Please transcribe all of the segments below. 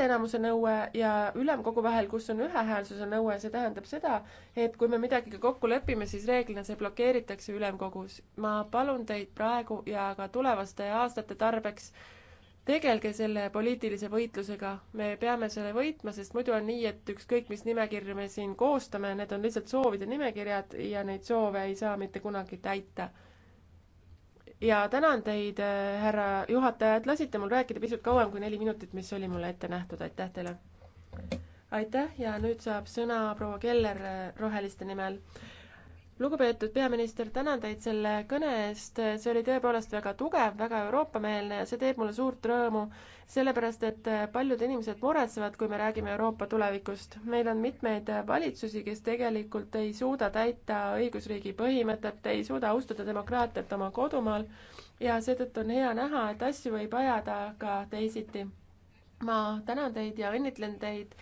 häälteenamuse nõue ja ülemkogu vahel, kus on ühehäälsuse nõue, see tähendab seda, et kui me midagi ka kokku lepime, siis reeglina see blokeeritakse ülemkogus. ma palun teid praegu ja ka tulevaste aastate tarbeks, tegelge selle poliitilise võitlusega, me peame selle võitma, sest muidu on nii, et ükskõik, mis nimekirju me siin koostame, need on lihtsalt soovide nimekirjad ja neid soove ei saa mitte kunagi täita ja tänan teid, eh, härra juhataja, et lasite mul rääkida pisut kauem kui neli minutit, mis oli mulle ette nähtud, aitäh teile! aitäh ja nüüd saab sõna proua Keller eh, Roheliste nimel lugupeetud peaminister, tänan teid selle kõne eest, see oli tõepoolest väga tugev, väga Euroopa-meelne ja see teeb mulle suurt rõõmu, sellepärast et paljud inimesed muretsevad, kui me räägime Euroopa tulevikust. meil on mitmeid valitsusi, kes tegelikult ei suuda täita õigusriigi põhimõtet, ei suuda austada demokraatiat oma kodumaal ja seetõttu on hea näha, et asju võib ajada ka teisiti. ma tänan teid ja õnnitlen teid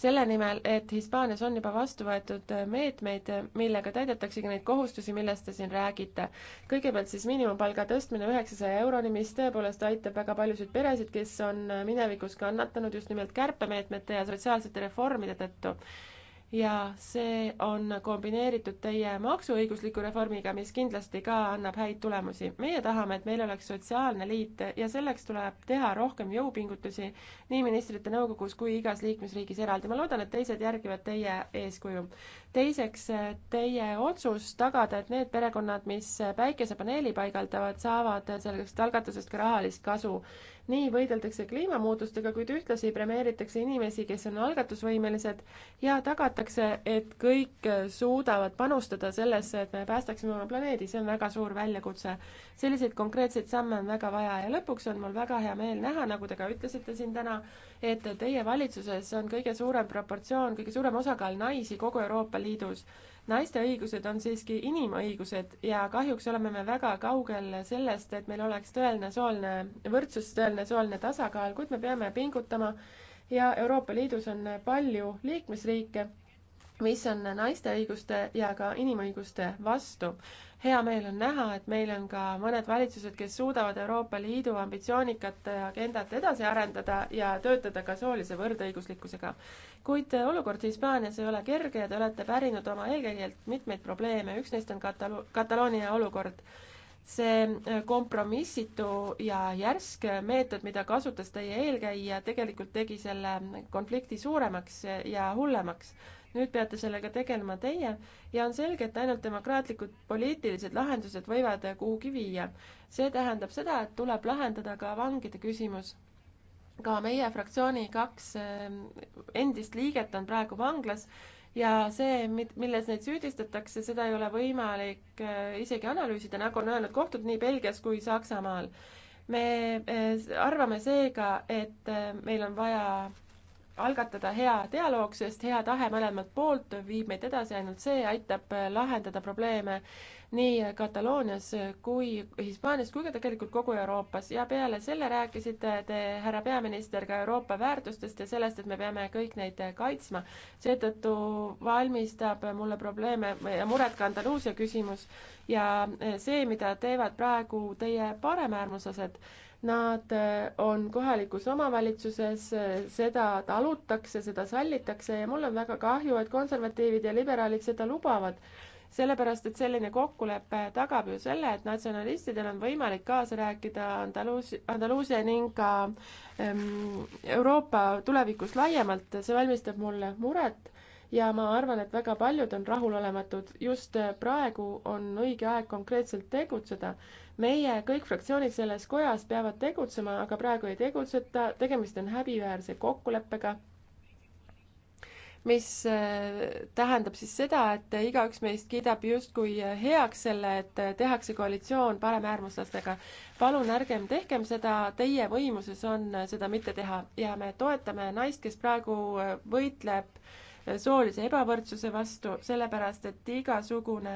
selle nimel, et Hispaanias on juba vastu võetud meetmeid, millega täidetaksegi neid kohustusi, millest te siin räägite. kõigepealt siis miinimumpalga tõstmine üheksasaja euroni, mis tõepoolest aitab väga paljusid peresid, kes on minevikus kannatanud just nimelt kärpemeetmete ja sotsiaalsete reformide tõttu ja see on kombineeritud teie maksuõigusliku reformiga, mis kindlasti ka annab häid tulemusi. meie tahame, et meil oleks sotsiaalne liit ja selleks tuleb teha rohkem jõupingutusi nii ministrite nõukogus kui igas liikmesriigis eraldi. ma loodan, et teised järgivad teie eeskuju. teiseks, teie otsus tagada, et need perekonnad, mis päikesepaneeli paigaldavad, saavad sellest algatusest ka rahalist kasu nii võideldakse kliimamuutustega, kuid ühtlasi premeeritakse inimesi, kes on algatusvõimelised ja tagatakse, et kõik suudavad panustada sellesse, et me päästaksime oma planeedi, see on väga suur väljakutse. selliseid konkreetseid samme on väga vaja ja lõpuks on mul väga hea meel näha, nagu te ka ütlesite siin täna, et teie valitsuses on kõige suurem proportsioon, kõige suurem osakaal naisi kogu Euroopa Liidus naiste õigused on siiski inimõigused ja kahjuks oleme me väga kaugel sellest, et meil oleks tõeline sooline võrdsus, tõeline sooline tasakaal, kuid me peame pingutama ja Euroopa Liidus on palju liikmesriike mis on naiste õiguste ja ka inimõiguste vastu. hea meel on näha, et meil on ka mõned valitsused, kes suudavad Euroopa Liidu ambitsioonikat agendat edasi arendada ja töötada ka soolise võrdõiguslikkusega. kuid olukord Hispaanias ei ole kerge ja te olete pärinud oma eelkäijalt mitmeid probleeme, üks neist on Katalo-, Kataloonia olukord see kompromissitu ja järsk meetod, mida kasutas teie eelkäija, tegelikult tegi selle konflikti suuremaks ja hullemaks nüüd peate sellega tegelema teie ja on selge, et ainult demokraatlikud poliitilised lahendused võivad kuhugi viia. see tähendab seda, et tuleb lahendada ka vangide küsimus. ka meie fraktsiooni kaks ähm, endist liiget on praegu vanglas ja see, milles neid süüdistatakse, seda ei ole võimalik äh, isegi analüüsida, nagu on öelnud kohtud nii Belgias kui Saksamaal. me äh, arvame seega, et äh, meil on vaja algatada hea dialoog, sest hea tahe mõlemalt poolt viib meid edasi, ainult see aitab äh, lahendada probleeme nii Kataloonias kui Hispaanias kui ka tegelikult kogu Euroopas ja peale selle rääkisite te, härra peaminister, ka Euroopa väärtustest ja sellest, et me peame kõik neid kaitsma. seetõttu valmistab mulle probleeme ja muret ka Andaluusia küsimus ja äh, see, mida teevad praegu teie paremäärmuslased Nad eh, on kohalikus omavalitsuses, eh, seda talutakse, seda sallitakse ja mul on väga kahju, et konservatiivid ja liberaalid seda lubavad. sellepärast, et selline kokkulepe tagab ju selle, et natsionalistidel on võimalik kaasa rääkida Andaluusia, Andaluusia ning ka ähm, Euroopa tulevikust laiemalt, see valmistab mulle muret ja ma arvan, et väga paljud on rahulolematud. just äh, praegu on õige aeg konkreetselt tegutseda. meie, kõik fraktsioonid selles kojas peavad tegutsema, aga praegu ei tegutseta, tegemist on häbiväärse kokkuleppega, mis äh, tähendab siis seda, et äh, igaüks meist kiidab justkui heaks selle, et tehakse koalitsioon paremäärmuslastega. palun ärgem tehkem seda, teie võimuses on seda mitte teha ja me toetame naist, kes praegu võitleb äh, soolise ebavõrdsuse vastu, sellepärast et igasugune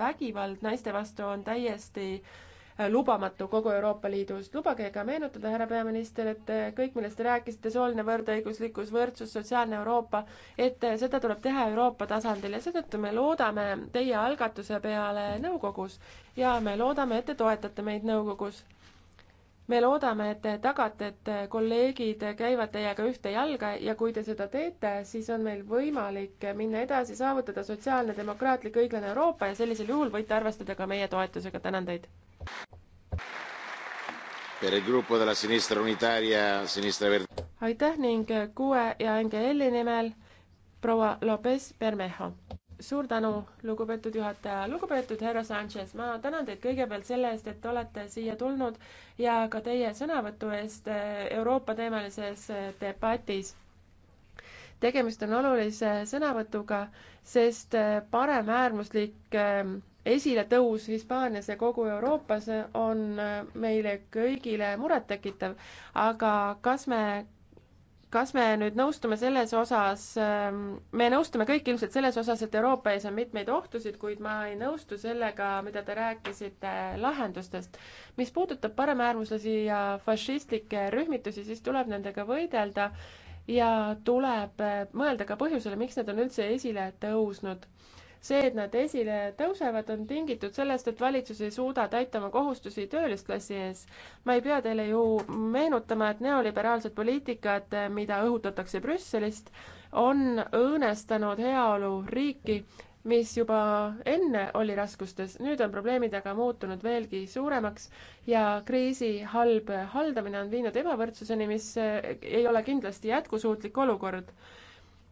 vägivald naiste vastu on täiesti äh, lubamatu kogu Euroopa Liidus. lubage ka meenutada, härra peaminister, et äh, kõik, millest te rääkisite, sooline võrdõiguslikkus, võrdsus, sotsiaalne Euroopa, et äh, seda tuleb teha Euroopa tasandil ja seetõttu me loodame teie algatuse peale nõukogus ja me loodame, et te toetate meid nõukogus me loodame, et te tagate, et kolleegid käivad teiega ühte jalga ja kui te seda teete, siis on meil võimalik minna edasi, saavutada sotsiaalne, demokraatlik, õiglane Euroopa ja sellisel juhul võite arvestada ka meie toetusega, tänan teid. aitäh ning kuue ja NGL-i nimel proua Lopez Bermejo suur tänu, lugupeetud juhataja, lugupeetud härra Sanchez, ma tänan teid kõigepealt selle eest, et olete siia tulnud ja ka teie sõnavõtu eest eh, Euroopa-teemalises eh, debatis. tegemist on olulise sõnavõtuga, sest eh, paremäärmuslik esiletõus Hispaanias ja kogu Euroopas on meile kõigile murettekitav, aga kas me kas me nüüd nõustume selles osas, ähm, me nõustume kõik ilmselt selles osas, et Euroopa ees on mitmeid ohtusid, kuid ma ei nõustu sellega, mida te rääkisite lahendustest. mis puudutab paremäärmuslasi ja fašistlikke rühmitusi, siis tuleb nendega võidelda ja tuleb äh, mõelda ka põhjusele, miks need on üldse esile tõusnud see, et nad esile tõusevad, on tingitud sellest, et valitsus ei suuda täita oma kohustusi töölisklassi ees. ma ei pea teile ju meenutama, et neoliberaalsed poliitikad, mida õhutatakse Brüsselist, on õõnestanud heaoluriiki, mis juba enne oli raskustes, nüüd on probleemid aga muutunud veelgi suuremaks ja kriisi halb haldamine on viinud ebavõrdsuseni, mis ei ole kindlasti jätkusuutlik olukord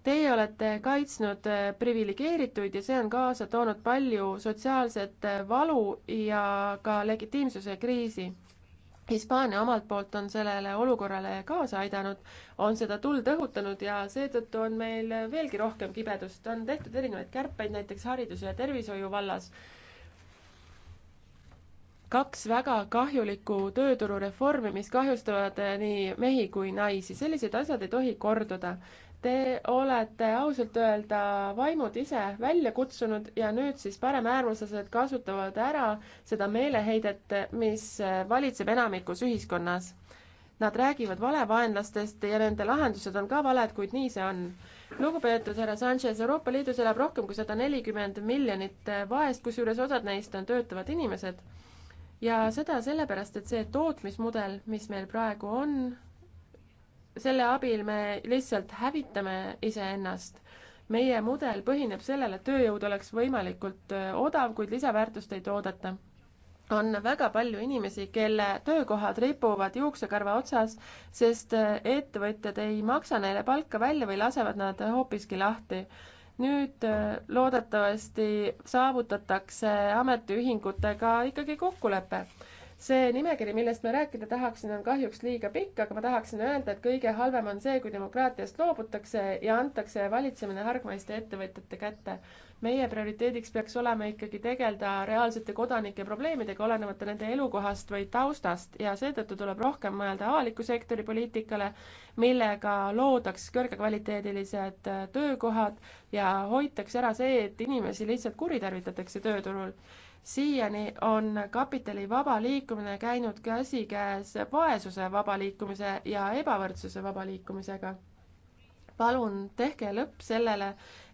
Teie olete kaitsnud äh, priviligeerituid ja see on kaasa toonud palju sotsiaalset äh, valu ja ka legitiimsuse kriisi. Hispaania omalt poolt on sellele olukorrale kaasa aidanud, on seda tuld õhutanud ja seetõttu on meil veelgi rohkem kibedust, on tehtud erinevaid kärpeid näiteks hariduse ja tervishoiu vallas. kaks väga kahjulikku tööturureformi, mis kahjustavad äh, nii mehi kui naisi, sellised asjad ei tohi korduda Te olete ausalt öelda vaimud ise välja kutsunud ja nüüd siis paremäärmuslased kasutavad ära seda meeleheidet, mis valitseb enamikus ühiskonnas. Nad räägivad valevaenlastest ja nende lahendused on ka valed, kuid nii see on. lugupeetud härra Sanchez, Euroopa Liidus elab rohkem kui sada nelikümmend miljonit vaest, kusjuures osad neist on töötavad inimesed. ja seda sellepärast, et see tootmismudel, mis meil praegu on, selle abil me lihtsalt hävitame iseennast. meie mudel põhineb sellel, et tööjõud oleks võimalikult äh, odav, kuid lisaväärtust ei toodeta on väga palju inimesi, kelle töökohad ripuvad juuksekarva otsas, sest äh, ettevõtjad ei maksa neile palka välja või lasevad nad hoopiski lahti. nüüd äh, loodetavasti saavutatakse ametiühingutega ikkagi kokkulepe see nimekiri, millest ma rääkida tahaksin, on kahjuks liiga pikk, aga ma tahaksin öelda, et kõige halvem on see, kui demokraatiast loobutakse ja antakse valitsemine hargmaiste ettevõtjate kätte. meie prioriteediks peaks olema ikkagi tegeleda reaalsete kodanike probleemidega, olenemata nende elukohast või taustast ja seetõttu tuleb rohkem mõelda avaliku sektori poliitikale, millega loodaks kõrgekvaliteedilised töökohad ja hoitaks ära see, et inimesi lihtsalt kuritarvitatakse tööturul siiani on kapitali vaba liikumine käinud käsikäes vaesuse vaba liikumise ja ebavõrdsuse vaba liikumisega. palun tehke lõpp sellele,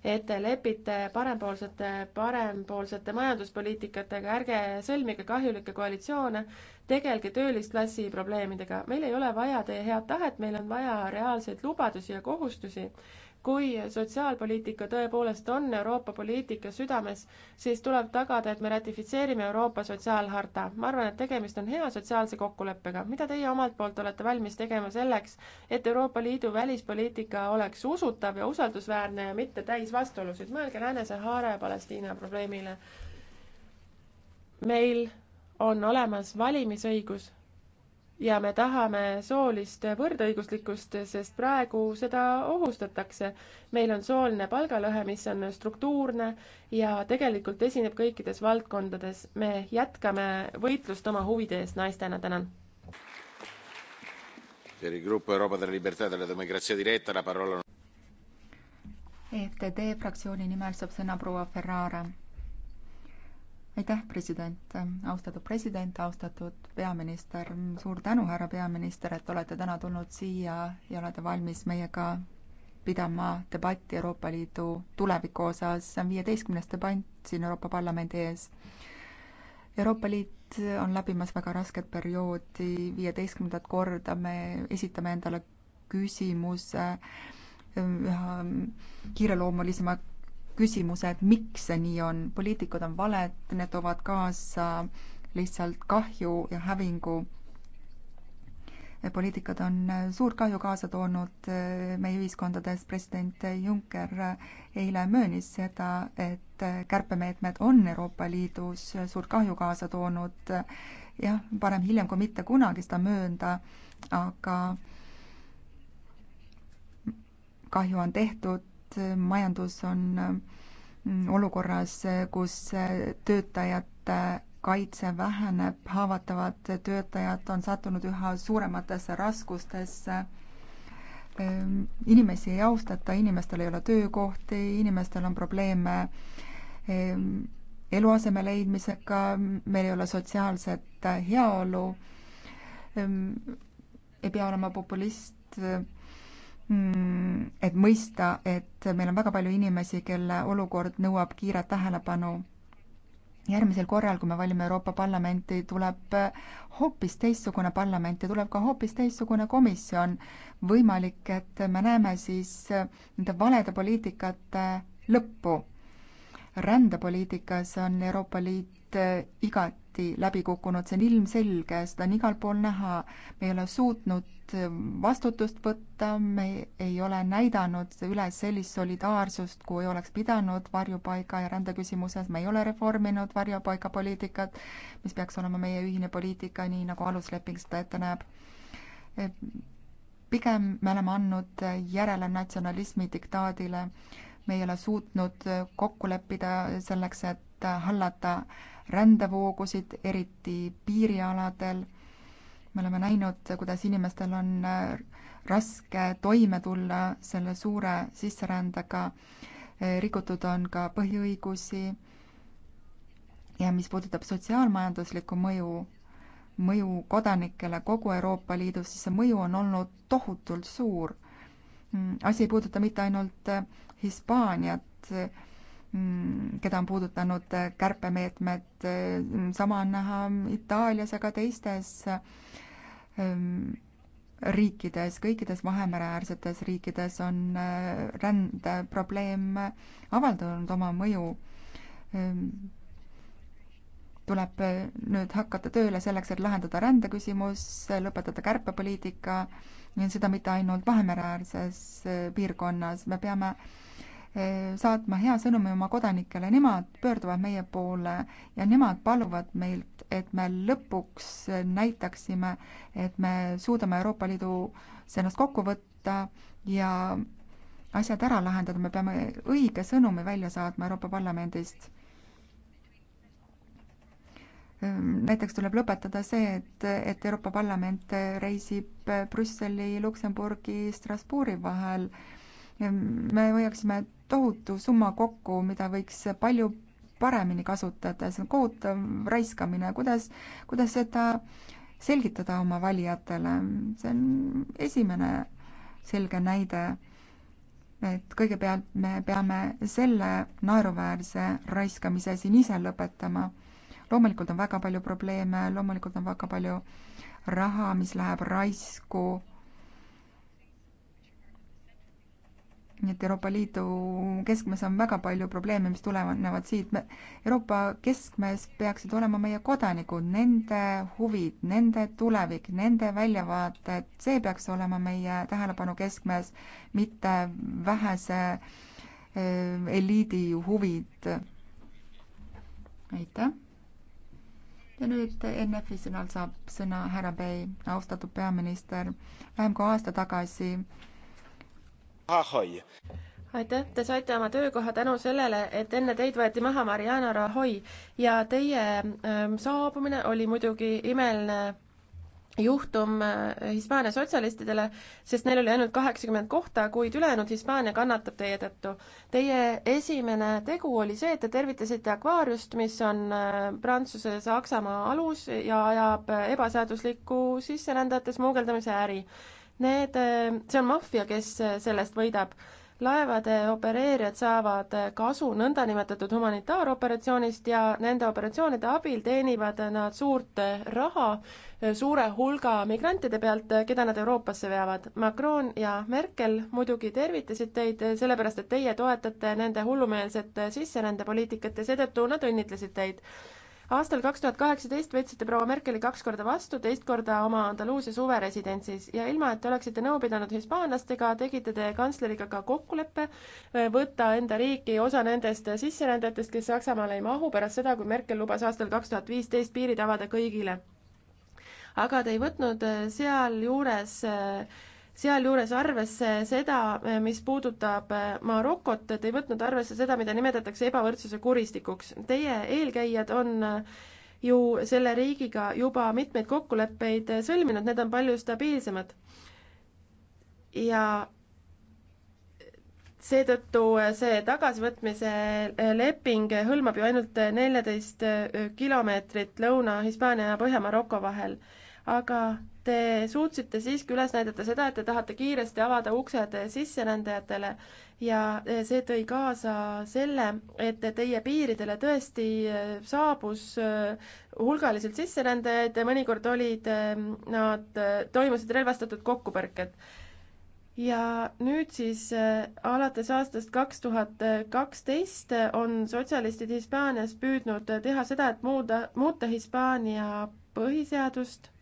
et te lepite parempoolsete, parempoolsete majanduspoliitikatega, ärge sõlmige kahjulikke koalitsioone, tegelge töölisklassi probleemidega. meil ei ole vaja teie head tahet, meil on vaja reaalseid lubadusi ja kohustusi kui sotsiaalpoliitika tõepoolest on Euroopa poliitika südames, siis tuleb tagada, et me ratifitseerime Euroopa sotsiaalharta. ma arvan, et tegemist on hea sotsiaalse kokkuleppega. mida teie omalt poolt olete valmis tegema selleks, et Euroopa Liidu välispoliitika oleks usutav ja usaldusväärne ja mitte täis vastuolusid? mõelge Lääne-Sahara ja Palestiina probleemile. meil on olemas valimisõigus ja me tahame soolist võrdõiguslikkust, sest praegu seda ohustatakse. meil on sooline palgalõhe, mis on struktuurne ja tegelikult esineb kõikides valdkondades. me jätkame võitlust oma huvide eest naistena, tänan. EFTD e e fraktsiooni nimel saab sõna proua Ferrara aitäh, president, austatud president, austatud peaminister, suur tänu, härra peaminister, et olete täna tulnud siia ja olete valmis meiega pidama debatti Euroopa Liidu tuleviku osas, see on viieteistkümnes debatt siin Euroopa Parlamendi ees. Euroopa Liit on läbimas väga rasket perioodi, viieteistkümnendat korda me esitame endale küsimuse üha kiireloomulisema küsimuse, et miks see nii on. poliitikud on valed, need toovad kaasa lihtsalt kahju ja hävingu. poliitikad on suurt kahju kaasa toonud eh, meie ühiskondades. president Juncker eile möönis seda, et kärpemeetmed on Euroopa Liidus suurt kahju kaasa toonud. jah, parem hiljem kui mitte kunagi seda möönda, aga kahju on tehtud et majandus on mm, olukorras, kus töötajate kaitse väheneb, haavatavad töötajad on sattunud üha suurematesse raskustesse ehm, inimesi ei austata, inimestel ei ole töökohti, inimestel on probleeme ehm, eluaseme leidmisega, meil ei ole sotsiaalset heaolu. Ehm, ei pea olema populist Mm, et mõista, et meil on väga palju inimesi, kelle olukord nõuab kiiret tähelepanu. järgmisel korral, kui me valime Euroopa Parlamenti, tuleb hoopis teistsugune parlament ja tuleb ka hoopis teistsugune komisjon. võimalik, et me näeme siis nende valede poliitikate lõppu rändepoliitikas on Euroopa Liit äh, igati läbi kukkunud, see on ilmselge, seda on igal pool näha. me ei ole suutnud äh, vastutust võtta, me ei ole näidanud üles sellist solidaarsust, kui oleks pidanud varjupaiga ja rände küsimuses, me ei ole reforminud varjupaigapoliitikat, mis peaks olema meie ühine poliitika, nii nagu alusleping seda ette näeb äh, pigem me oleme andnud järele natsionalismi diktaadile me ei ole suutnud äh, kokku leppida selleks, et äh, hallata rändevoogusid, eriti piirialadel. me oleme näinud, kuidas inimestel on äh, raske toime tulla selle suure sisserändega, rikutud on ka põhiõigusi ja mis puudutab sotsiaalmajanduslikku mõju, mõju kodanikele kogu Euroopa Liidus, siis see mõju on olnud tohutult suur Mm, asi ei puuduta mitte ainult äh, Hispaaniat, mm, keda on puudutanud äh, kärpemeetmed, äh, sama on näha Itaalias ja ka teistes ähm, riikides, kõikides Vahemereäärsetes riikides on rändeprobleem avaldanud oma mõju. Ähm, tuleb nüüd hakata tööle selleks, et lahendada rändeküsimus, lõpetada kärpepoliitika ja seda mitte ainult Vahemere-äärses eh, piirkonnas, me peame eh, saatma hea sõnumi oma kodanikele, nemad pöörduvad meie poole ja nemad paluvad meilt, et me lõpuks näitaksime, et me suudame Euroopa Liidus ennast kokku võtta ja asjad ära lahendada, me peame õige sõnumi välja saatma Euroopa Parlamendist Ehm, näiteks tuleb lõpetada see, et, et Euroopa Parlament reisib äh, Brüsseli, Luksemburgi, Strasbourgi vahel. Ehm, me hoiaksime tohutu summa kokku, mida võiks palju paremini kasutada, see on kohutav raiskamine, kuidas, kuidas seda selgitada oma valijatele, see on esimene selge näide et kõigepealt me peame selle naeruväärse raiskamise siin ise lõpetama loomulikult on väga palju probleeme, loomulikult on väga palju raha, mis läheb raisku. nii et Euroopa Liidu keskmes on väga palju probleeme, mis tulenevad siit. Euroopa keskmes peaksid olema meie kodanikud, nende huvid, nende tulevik, nende väljavaated, see peaks olema meie tähelepanu keskmes, mitte vähese eh, eliidi huvid. aitäh! ja nüüd NF-i sõnal saab sõna härra Bey, austatud peaminister, vähem kui aasta tagasi. aitäh, te saite oma töökoha tänu sellele, et enne teid võeti maha Mariana Rahoi ja teie ähm, saabumine oli muidugi imeline juhtum äh, Hispaania sotsialistidele, sest neil oli ainult kaheksakümmend kohta, kuid ülejäänud Hispaania kannatab teie tõttu. Teie esimene tegu oli see, et te tervitasite akvaariust, mis on äh, Prantsuse ja Saksamaa alus ja ajab äh, ebaseaduslikku sisserändajate smuugeldamise äri. Need, see on maffia, kes sellest võidab laevade opereerijad saavad kasu nõndanimetatud humanitaaroperatsioonist ja nende operatsioonide abil teenivad nad suurt raha suure hulga migrantide pealt, keda nad Euroopasse veavad. Macron ja Merkel muidugi tervitasid teid, sellepärast et teie toetate nende hullumeelset sisserändepoliitikat ja seetõttu nad õnnitlesid teid aastal kaks tuhat kaheksateist võtsite proua Merkeli kaks korda vastu, teist korda oma Andaluusia suveresidentsis ja ilma, et te oleksite nõu pidanud hispaanlastega, tegite te kantsleriga ka kokkuleppe äh, võtta enda riiki osa nendest sisserändajatest, kes Saksamaale ei mahu pärast seda, kui Merkel lubas aastal kaks tuhat viisteist piirid avada kõigile aga te ei võtnud äh, sealjuures äh, sealjuures arvesse seda, mis puudutab äh, Marokot, te ei võtnud arvesse seda, mida nimetatakse ebavõrdsuse kuristikuks. Teie eelkäijad on äh, ju selle riigiga juba mitmeid kokkuleppeid äh, sõlminud, need on palju stabiilsemad. ja seetõttu see tagasivõtmise leping hõlmab ju ainult neljateist kilomeetrit Lõuna-Hispaania ja Põhja-Maroko vahel, aga Te suutsite siiski üles näidata seda, et te tahate kiiresti avada uksed sisserändajatele ja see tõi kaasa selle, et teie piiridele tõesti saabus äh, hulgaliselt sisserändajaid ja mõnikord olid äh, nad, äh, toimusid relvastatud kokkupõrked ja nüüd siis äh, alates aastast kaks tuhat kaksteist on sotsialistid Hispaanias püüdnud teha seda, et muuda, muuta Hispaania põhiseadust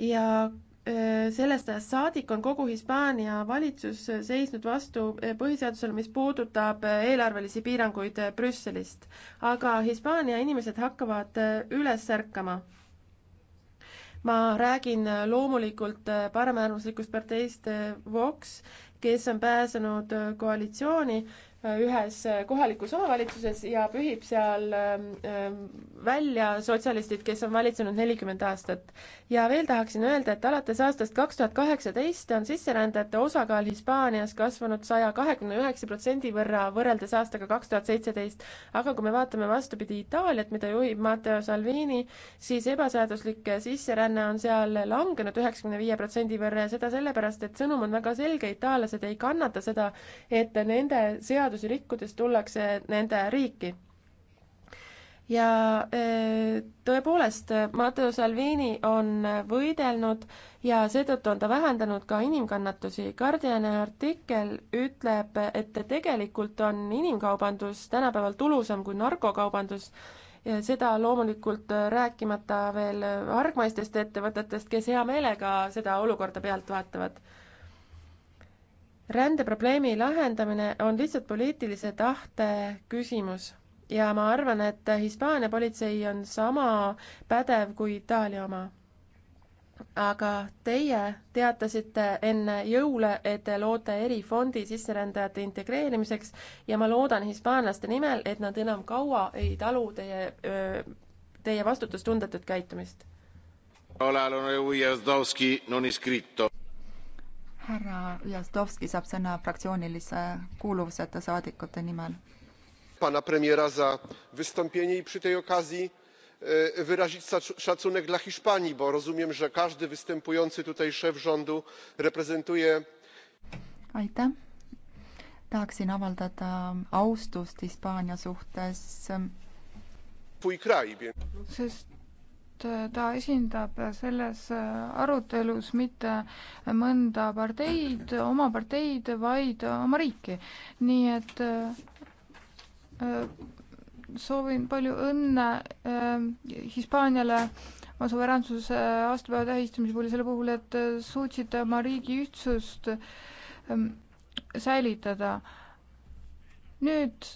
ja äh, sellest ajast saadik on kogu Hispaania valitsus seisnud vastu äh, põhiseadusele, mis puudutab äh, eelarvelisi piiranguid Brüsselist. aga Hispaania inimesed hakkavad üles ärkama. ma räägin loomulikult paremäärmuslikust parteist Vox, kes on pääsenud koalitsiooni ühes kohalikus omavalitsuses ja pühib seal ähm, ähm, välja sotsialistid, kes on valitsenud nelikümmend aastat. ja veel tahaksin öelda, et alates aastast kaks tuhat kaheksateist on sisserändajate osakaal Hispaanias kasvanud saja kahekümne üheksa protsendi võrra võrreldes aastaga kaks tuhat seitseteist. aga kui me vaatame vastupidi Itaaliat, mida juhib Matteo Salvini, siis ebaseaduslik sisseränne on seal langenud üheksakümne viie protsendi võrra ja seda sellepärast, et sõnum on väga selge, itaallased ei kannata seda, et nende seadus seadusi rikkudes tullakse nende riiki. ja e, tõepoolest, Matteo Salvini on võidelnud ja seetõttu on ta vähendanud ka inimkannatusi. Guardiani artikkel ütleb, et tegelikult on inimkaubandus tänapäeval tulusam kui narkokaubandus ja seda loomulikult rääkimata veel hargmaistest ettevõtetest, kes hea meelega seda olukorda pealt vaatavad rändeprobleemi lahendamine on lihtsalt poliitilise tahte küsimus ja ma arvan, et Hispaania politsei on sama pädev kui Itaalia oma. aga teie teatasite enne jõule, et te loote erifondi sisserändajate integreerimiseks ja ma loodan hispaanlaste nimel, et nad enam kaua ei talu teie, teie vastutustundetut käitumist härra Jastovski saab sõna fraktsioonilise kuuluvuseta saadikute nimel. pana premiera za wystąpienie i przy tej okazji e, wyrazić szacunek dla hiszpanii bo rozumiem że każdy występujący tutaj szef rządu reprezentuje. aitäh tahaksin avaldada austust hispaania suhtes. sest et äh, ta esindab selles äh, arutelus mitte mõnda parteid, oma parteid, vaid oma riiki. nii et äh, soovin palju õnne Hispaaniale oma suveräänsuse aastapäeva tähistamise puhul, selle puhul, et suutsite oma riigi ühtsust ähm, säilitada. nüüd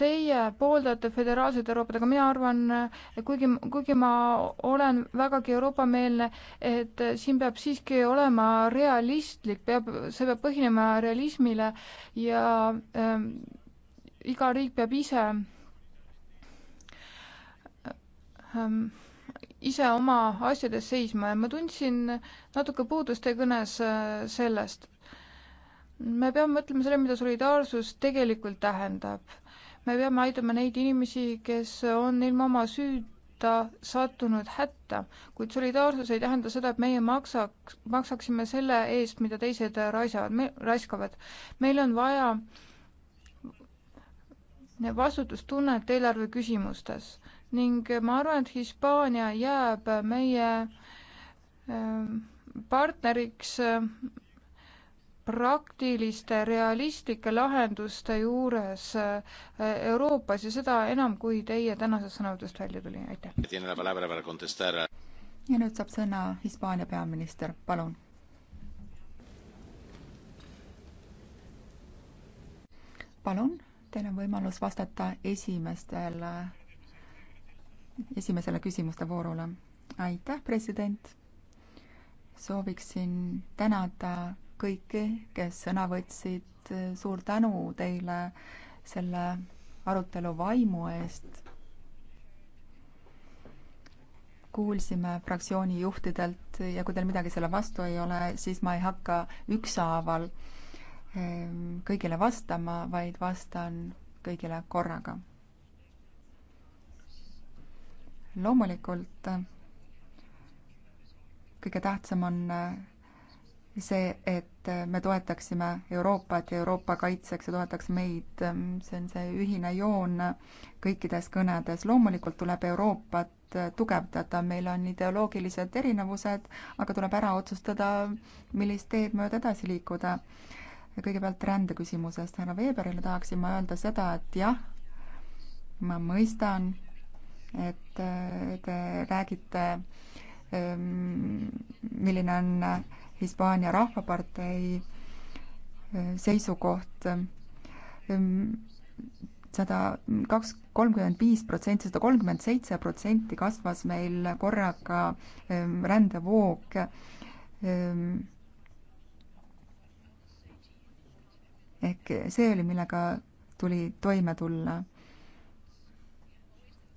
Teie pooldate föderaalset Euroopat, aga mina arvan, kuigi, kuigi ma olen vägagi Euroopa-meelne, et siin peab siiski olema realistlik, peab, see peab põhinema realismile ja ähm, iga riik peab ise ähm, ise oma asjades seisma ja ma tundsin natuke puudust teie kõnes äh, sellest. me peame mõtlema selle, mida solidaarsus tegelikult tähendab me peame aitama neid inimesi, kes on ilma oma süüta sattunud hätta, kuid solidaarsus ei tähenda seda, et meie maksaks, maksaksime selle eest, mida teised raisavad, me, raiskavad. meil on vaja vastutustunnet eelarve küsimustes ning ma arvan, et Hispaania jääb meie ähm, partneriks praktiliste realistlike lahenduste juures eh, Euroopas ja seda enam, kui teie tänasest sõnavõtust välja tuli, aitäh. ja nüüd saab sõna Hispaania peaminister, palun. palun, teil on võimalus vastata esimestele, esimesele küsimuste voorule. aitäh, president. sooviksin tänada kõiki, kes sõna võtsid, suur tänu teile selle arutelu vaimu eest. kuulsime fraktsiooni juhtidelt ja kui teil midagi selle vastu ei ole, siis ma ei hakka ükshaaval ehm, kõigile vastama, vaid vastan kõigile korraga. loomulikult kõige tähtsam on see, et et äh, me toetaksime Euroopat ja Euroopa kaitseks ja toetaks meid. Ähm, see on see ühine joon kõikides kõnedes. loomulikult tuleb Euroopat äh, tugevdada, meil on ideoloogilised erinevused, aga tuleb ära otsustada, millist teed mööda edasi liikuda. kõigepealt rändeküsimusest härra Weberile tahaksin ma öelda seda, et jah, ma mõistan, et äh, te räägite ähm, milline on Hispaania Rahvapartei eh, seisukoht eh, sada kaks, kolmkümmend viis protsenti, sada kolmkümmend seitse protsenti kasvas meil korraga eh, rändevoog. ehk see oli, millega tuli toime tulla.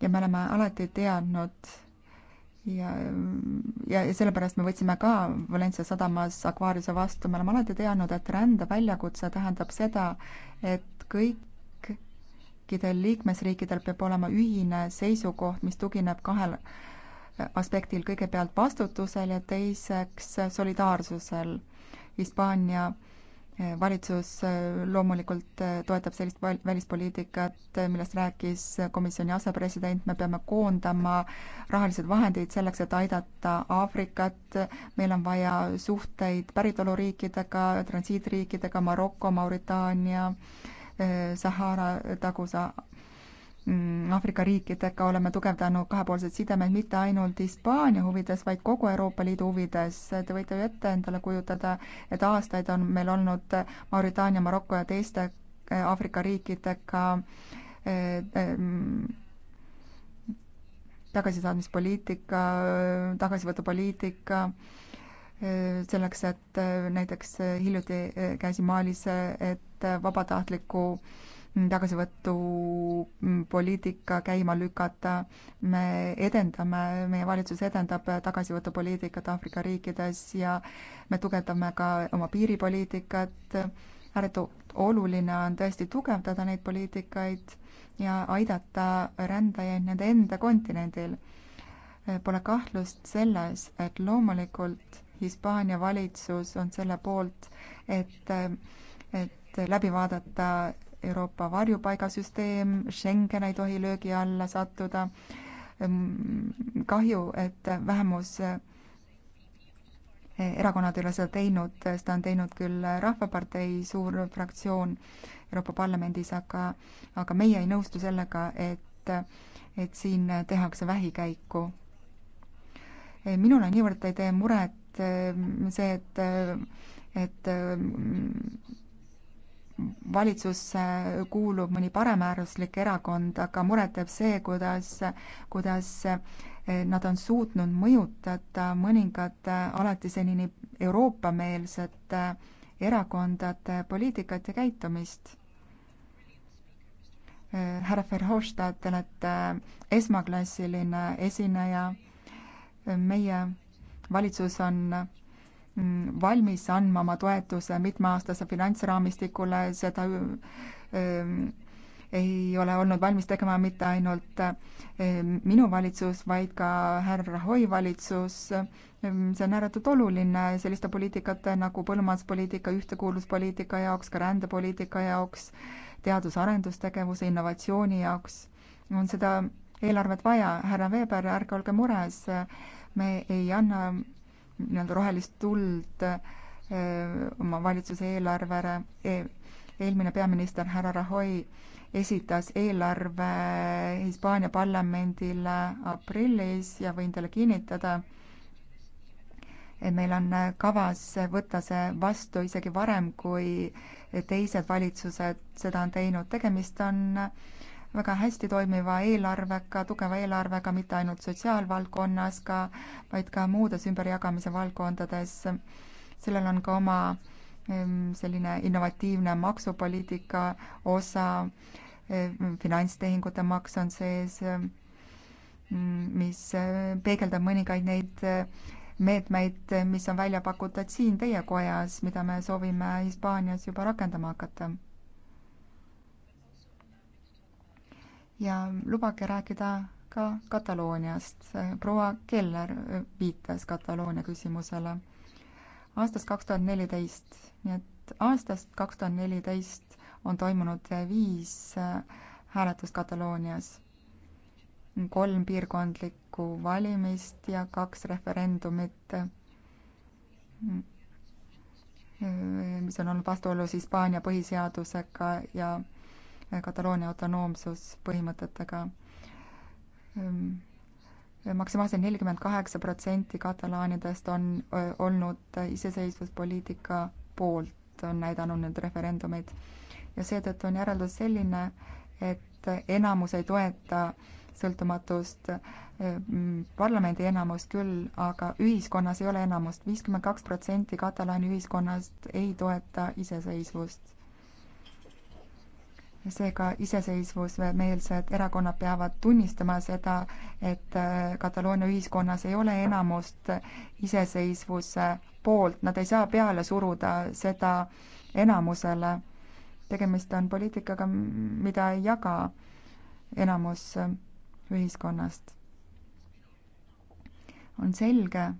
ja me oleme alati teadnud, ja, ja sellepärast me võtsime ka Valencia sadamas akvaariuse vastu, me oleme alati teadnud, et rände väljakutse tähendab seda, et kõikidel liikmesriikidel peab olema ühine seisukoht, mis tugineb kahel aspektil, kõigepealt vastutusel ja teiseks solidaarsusel. Hispaania valitsus äh, loomulikult äh, toetab sellist välispoliitikat, äh, millest rääkis komisjoni asepresident, me peame koondama rahalised vahendid selleks, et aidata Aafrikat, meil on vaja suhteid päritoluriikidega, transiitriikidega, Maroko, Mauritaania, Sahara taguse Mm, Aafrika riikidega oleme tugevdanud kahepoolseid sidemeid mitte ainult Hispaania huvides, vaid kogu Euroopa Liidu huvides. Te võite ju ette endale kujutada, et aastaid on meil olnud Mauritaania, Maroko ja teiste eh, Aafrika riikidega eh, eh, tagasisaatmispoliitika, tagasivõtupoliitika selleks, et näiteks hiljuti käisin Malis, et vabatahtliku tagasivõtupoliitika mm, käima lükata. me edendame, meie valitsus edendab tagasivõtupoliitikat Aafrika riikides ja me tugevdame ka oma piiripoliitikat. ääretult oluline on tõesti tugevdada neid poliitikaid ja aidata rändajaid nende enda kontinendil. Pole kahtlust selles, et loomulikult Hispaania valitsus on selle poolt, et, et läbi vaadata Euroopa varjupaigasüsteem, Schengen ei tohi löögi alla sattuda. Ehm, kahju, et vähemus eh, erakonnad ei ole seda teinud, seda on teinud küll Rahvapartei suur fraktsioon Euroopa Parlamendis, aga, aga meie ei nõustu sellega, et, et siin tehakse vähikäiku. Eh, minule niivõrd ei tee muret eh, see, et, et mm, valitsusse kuulub mõni paremääruslik erakond, aga muret teeb see, kuidas, kuidas eh, nad on suutnud mõjutada mõningate eh, alati senini Euroopa-meelsete eh, erakondade poliitikat ja käitumist. härra Verhofstadt, te olete esmaklassiline esineja, meie valitsus on Mm, valmis andma oma toetuse mitmeaastase finantsraamistikule, seda ähm, ei ole olnud valmis tegema mitte ainult ähm, minu valitsus, vaid ka härra Rahoi valitsus. Ähm, see on ääretult oluline selliste poliitikate nagu põllumajanduspoliitika, ühtekuuluvuspoliitika jaoks, ka rändepoliitika jaoks, teadus-arendustegevuse, innovatsiooni jaoks on seda eelarvet vaja. härra Weber, ärge olge mures, me ei anna nii-öelda rohelist tuld eh, oma valitsuse eelarvele e,. eelmine peaminister härra Rahoi esitas eelarve Hispaania parlamendile aprillis ja võin teile kinnitada, et meil on kavas võtta see vastu isegi varem, kui teised valitsused seda on teinud. tegemist on äh, väga hästi toimiva eelarvega, tugeva eelarvega mitte ainult sotsiaalvaldkonnas ka, vaid ka muudes ümberjagamise valdkondades. sellel on ka oma ehm, selline innovatiivne maksupoliitika osa, ehm, finantstehingute maks on sees, ehm, mis peegeldab mõningaid neid meetmeid, mis on välja pakutud siin teie kojas, mida me soovime Hispaanias juba rakendama hakata ja lubage rääkida ka Katalooniast. proua Keller viitas Kataloonia küsimusele aastast kaks tuhat neliteist, nii et aastast kaks tuhat neliteist on toimunud viis äh, hääletust Kataloonias. kolm piirkondlikku valimist ja kaks referendumit, äh, mis on olnud vastuolus Hispaania põhiseadusega ja Kataloonia autonoomsuspõhimõtetega. Ehm, maksimaalselt nelikümmend kaheksa protsenti katalaanidest on olnud iseseisvuspoliitika poolt, on näidanud need referendumid. ja seetõttu on järeldus selline, et enamus ei toeta sõltumatust, ehm, parlamendi enamust küll, aga ühiskonnas ei ole enamust, viiskümmend kaks protsenti Katalaani ühiskonnast ei toeta iseseisvust seega iseseisvusmeelsed erakonnad peavad tunnistama seda, et äh, Kataloonia ühiskonnas ei ole enamust iseseisvuse poolt, nad ei saa peale suruda seda enamusele. tegemist on poliitikaga, mida ei jaga enamus ühiskonnast. on selge,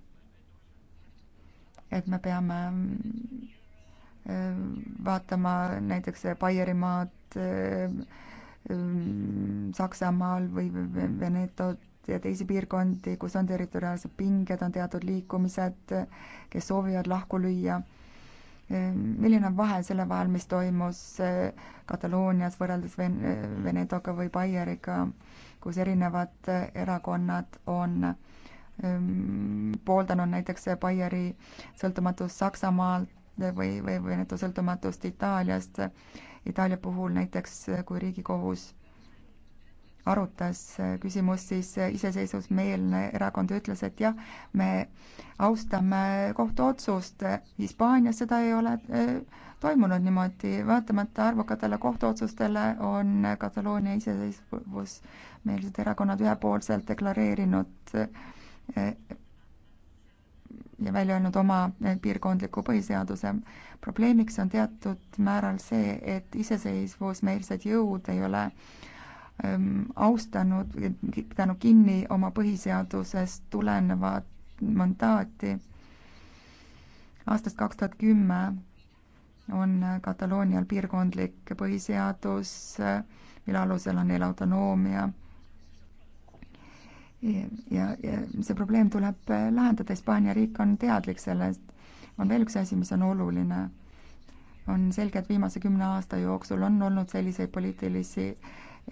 et me peame äh, vaatama näiteks Baierimaad, Äh, mm, Saksamaal või Venetot ja teisi piirkondi, kus on territoriaalsed pinged, on teatud liikumised, kes soovivad lahku lüüa. Äh, milline on vahe selle vahel, mis toimus äh, Kataloonias võrreldes Ven-, Venetoga või Baieriga, kus erinevad erakonnad on ähm, pooldanud näiteks Baieri sõltumatust Saksamaalt või, või Veneto sõltumatust Itaaliast Itaalia puhul näiteks, kui Riigikohus arutas küsimust, siis iseseisvusmeelne erakond ütles, et jah, me austame kohtuotsust. Hispaanias seda ei ole äh, toimunud niimoodi, vaatamata arvukatele kohtuotsustele on Kataloonia iseseisvusmeelsed erakonnad ühepoolselt deklareerinud äh, välja öelnud oma eh, piirkondliku põhiseaduse. probleemiks on teatud määral see, et iseseisvusmeelsed jõud ei ole ähm, austanud, pidanud kinni oma põhiseadusest tulenevat mandaati. aastast kaks tuhat kümme on eh, Kataloonial piirkondlik põhiseadus, eh, mille alusel on neil autonoomia ja, ja see probleem tuleb äh, lahendada, Hispaania riik on teadlik sellest. on veel üks asi, mis on oluline. on selge, et viimase kümne aasta jooksul on olnud selliseid poliitilisi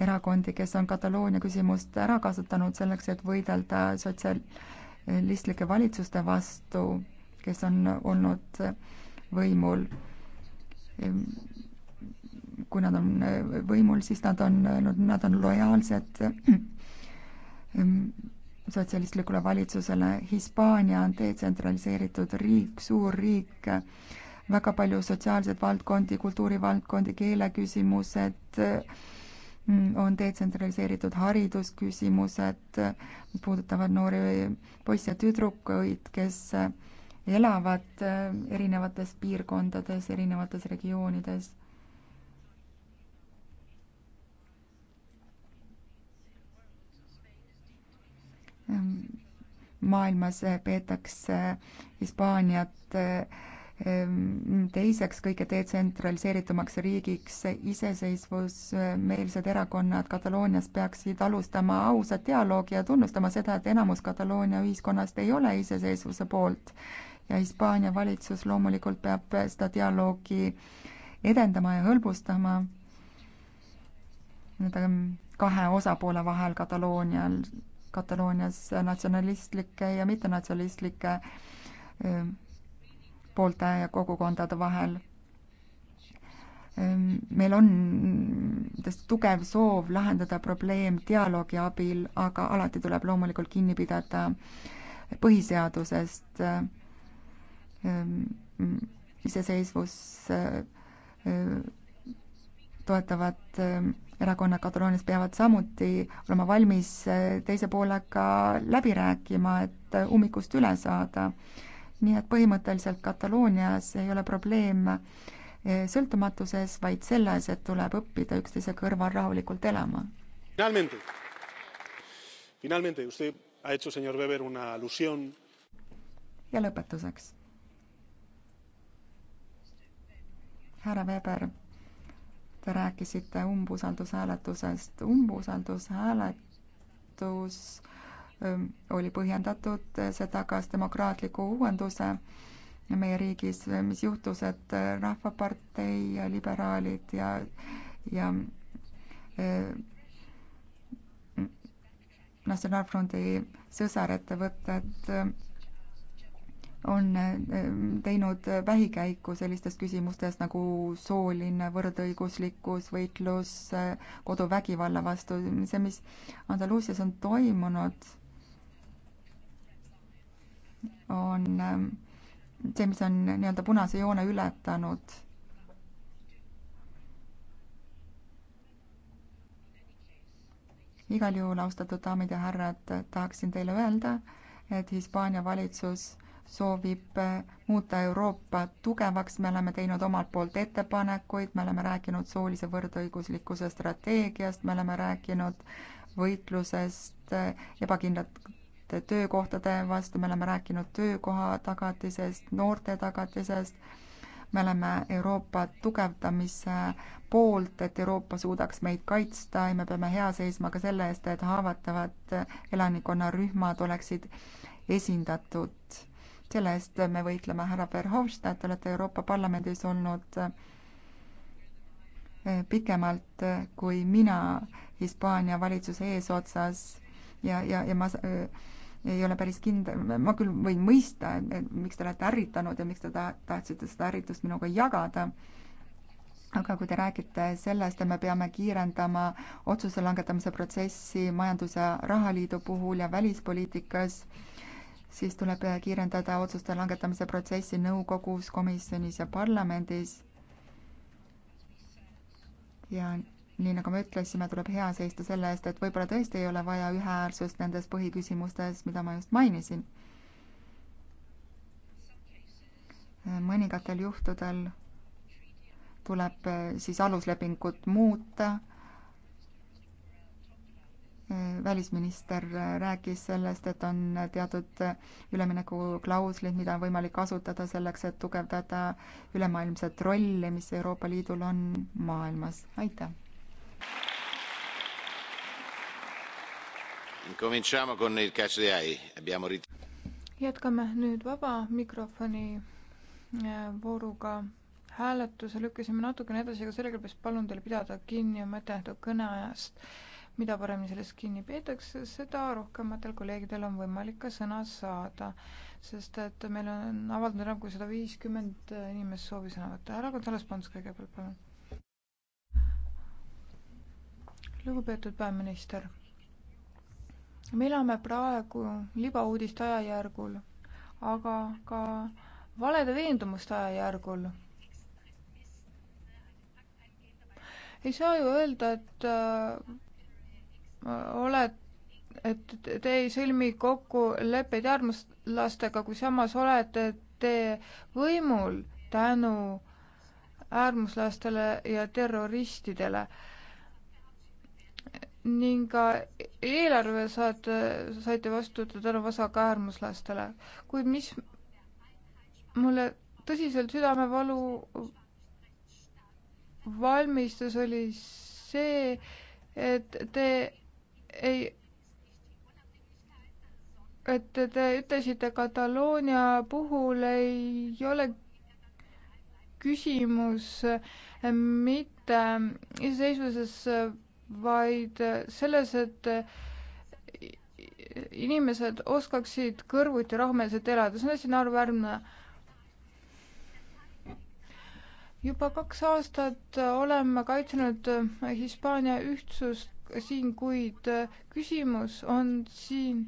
erakondi, kes on Kataloonia küsimust ära kasutanud selleks, et võidelda sotsialistlike valitsuste vastu, kes on olnud võimul kui nad on võimul, siis nad on, nad on lojaalsed sotsialistlikule valitsusele. Hispaania on detsentraliseeritud riik, suur riik, väga palju sotsiaalseid valdkondi, kultuurivaldkondi, keeleküsimused mm, on detsentraliseeritud haridusküsimused, mis puudutavad noori poisse ja tüdrukuid, kes elavad äh, erinevates piirkondades, erinevates regioonides Ehm, maailmas eh, peetakse eh, Hispaaniat eh, ehm, teiseks kõige detsentraliseeritumaks riigiks, iseseisvusmeelsed erakonnad Kataloonias peaksid alustama ausat dialoogi ja tunnustama seda, et enamus Kataloonia ühiskonnast ei ole iseseisvuse poolt. ja Hispaania valitsus loomulikult peab seda dialoogi edendama ja hõlbustama nii-öelda kahe osapoole vahel Kataloonial Kataloonias natsionalistlike ja mittenatsionalistlike ähm, poolte ja kogukondade vahel. Ähm, meil on tugev soov lahendada probleem dialoogi abil, aga alati tuleb loomulikult kinni pidada põhiseadusest, ähm, iseseisvus äh, äh, toetavat erakonnad Kataloonias peavad samuti olema valmis eh, teise poolega läbi rääkima, et eh, ummikust üle saada. nii et põhimõtteliselt Kataloonias ei ole probleem eh, sõltumatuses, vaid selles, et tuleb õppida üksteise kõrval rahulikult elama. Finalmente, finalmente, usted ha hecho, señor Weber, una alusión. ja lõpetuseks. härra Weber Te rääkisite umbusaldushääletusest. umbusaldushääletus ähm, oli põhjendatud, äh, see tagas demokraatliku uuenduse meie riigis, äh, mis juhtus, et äh, Rahvapartei ja liberaalid ja, ja National Fronti sõsarettevõtted on ähm, teinud vähikäiku sellistes küsimustes nagu sooline võrdõiguslikkus, võitlus äh, koduvägivalla vastu. see, mis Andaluusias on toimunud, on ähm, see, mis on nii-öelda punase joone ületanud. igal juhul, austatud daamid ja härrad, tahaksin teile öelda, et Hispaania valitsus soovib äh, muuta Euroopa tugevaks, me oleme teinud omalt poolt ettepanekuid, me oleme rääkinud soolise võrdõiguslikkuse strateegiast, me oleme rääkinud võitlusest äh, ebakindlate töökohtade vastu, me oleme rääkinud töökoha tagatisest, noorte tagatisest, me oleme Euroopa tugevdamise poolt, et Euroopa suudaks meid kaitsta ja me peame hea seisma ka selle eest, et haavatavad äh, elanikkonnarühmad oleksid esindatud selle eest me võitleme, härra Verhofstadt, olete Euroopa Parlamendis olnud eh, pikemalt eh, kui mina Hispaania valitsuse eesotsas ja, ja, ja ma eh, ei ole päris kindel, ma küll võin mõista, et miks te olete ärritanud ja miks te ta-, tahtsite seda ärritust minuga jagada, aga kui te räägite sellest, et me peame kiirendama otsuse langetamise protsessi Majandus- ja Rahaliidu puhul ja välispoliitikas, siis tuleb kiirendada otsuste langetamise protsessi nõukogus, komisjonis ja parlamendis. ja nii nagu me ütlesime, tuleb hea seista selle eest, et võib-olla tõesti ei ole vaja ühehäälsust nendes põhiküsimustes, mida ma just mainisin. mõningatel juhtudel tuleb eh, siis aluslepingut muuta Mm, välisminister äh, rääkis sellest, et on teatud üleminekuklauslid, mida on võimalik kasutada selleks, et tugevdada ülemaailmset rolli, mis Euroopa Liidul on maailmas. aitäh! jätkame nüüd vaba mikrofoni äh, vooruga hääletuse lükkasime natukene edasi, aga sellegipoolest palun teil pidada kinni oma ettenähtud kõneajast mida paremini sellest kinni peetakse, seda rohkematel kolleegidel on võimalik ka sõna saada. sest et meil on avaldanud enam kui sada viiskümmend inimest soovi sõna võtta. härra Gonzales Pons kõigepealt, palun. lugupeetud peaminister, me elame praegu libauudiste ajajärgul, aga ka valede veendumuste ajajärgul ei saa ju öelda, et äh, olete, et te ei sõlmi kokkuleppeid äärmuslastega, kui samas olete te võimul tänu äärmuslastele ja terroristidele ning ka eelarve saate, saite vastu tänu vasaga äärmuslastele. kuid mis mulle tõsiselt südamevalu valmistus, oli see, et te ei, et te ütlesite, Kataloonia puhul ei ole küsimus mitte iseseisvuses, vaid selles, et inimesed oskaksid kõrvuti rahumeelselt elada, see on hästi naeruväärne juba kaks aastat oleme kaitsnud Hispaania ühtsust siin, kuid äh, küsimus on siin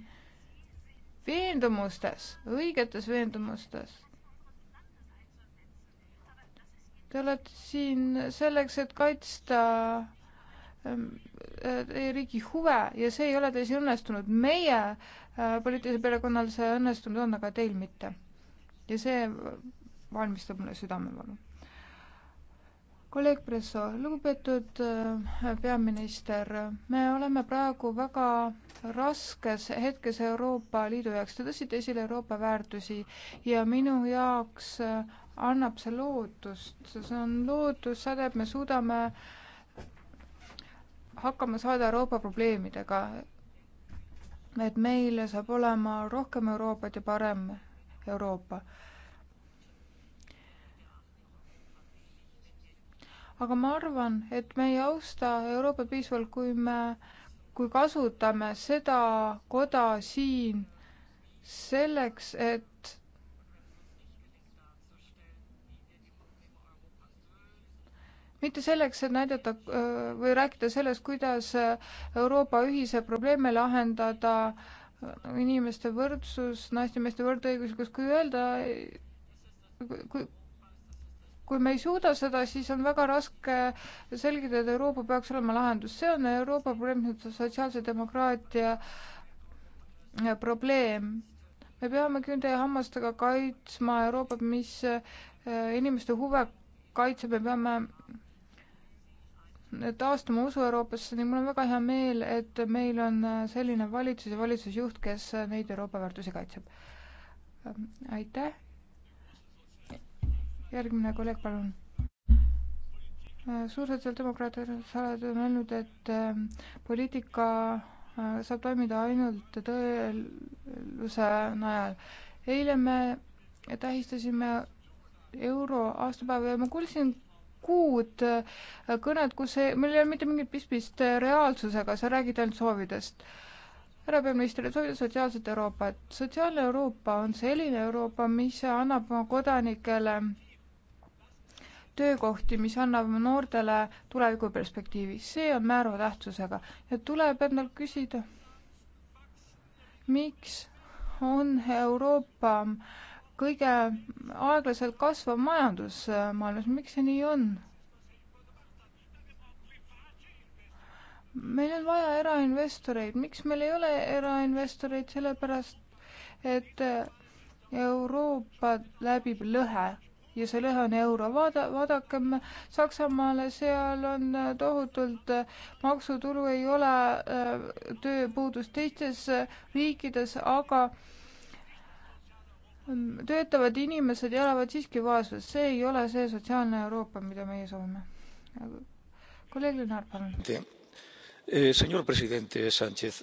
veendumustes, õigetes veendumustes. Te olete siin selleks, et kaitsta ähm, äh, teie riigi huve ja see ei ole teil siin õnnestunud. meie äh, poliitilisel perekonnal see õnnestunud on, aga teil mitte. ja see valmistab mulle südamevalu kolleeg Presso, lugupeetud äh, peaminister, me oleme praegu väga raskes hetkes Euroopa Liidu jaoks, te tõstsite esile Euroopa väärtusi ja minu jaoks äh, annab see lootust, see on lootussäde, et me suudame hakkama saada Euroopa probleemidega. et meil saab olema rohkem Euroopat ja parem Euroopa aga ma arvan, et me ei austa Euroopa piisavalt, kui me, kui kasutame seda koda siin selleks, et mitte selleks, et näidata äh, või rääkida sellest, kuidas Euroopa ühise probleeme lahendada, äh, inimeste võrdsus, naiste-meeste võrdõiguslikkus, kui öelda, kui kui me ei suuda seda, siis on väga raske selgitada, et Euroopa peaks olema lahendus. see on Euroopa probleem, sotsiaalse demokraatia probleem. me peame küünte ja hammastega kaitsma Euroopat, mis äh, inimeste huve kaitseb, me peame taastama usu Euroopasse ning mul on väga hea meel, et meil on äh, selline valitsus ja valitsusjuht, kes äh, neid Euroopa väärtusi kaitseb. aitäh järgmine kolleeg, palun. Äh, suursotsiaaldemokraadid on öelnud, et äh, poliitika äh, saab toimida ainult tõeluse najal. eile me tähistasime euro aastapäeva ja ma kuulsin kuud kõnet, kus ei, meil ei ole mitte mingit pistmist reaalsusega, sa räägid ainult soovidest. härra peaminister, soovida sotsiaalset Euroopat. sotsiaalne Euroopa on selline Euroopa, mis annab oma kodanikele töökohti, mis annab noortele tulevikuperspektiivi, see on määrava tähtsusega ja tuleb endal küsida, miks on Euroopa kõige aeglaselt kasvav majandus maailmas, miks see nii on? meil on vaja erainvestoreid, miks meil ei ole erainvestoreid, sellepärast et Euroopa läbib lõhe ja see lõhe on euro. vaada, vaadakem Saksamaale, seal on äh, tohutult äh, maksutulu, ei ole äh, tööpuudust teistes riikides, aga mm, töötavad inimesed elavad siiski vaesuses, see ei ole see sotsiaalne Euroopa, mida meie soovime. kolleeg Linnar, palun. Eh, señor presidente Sánchez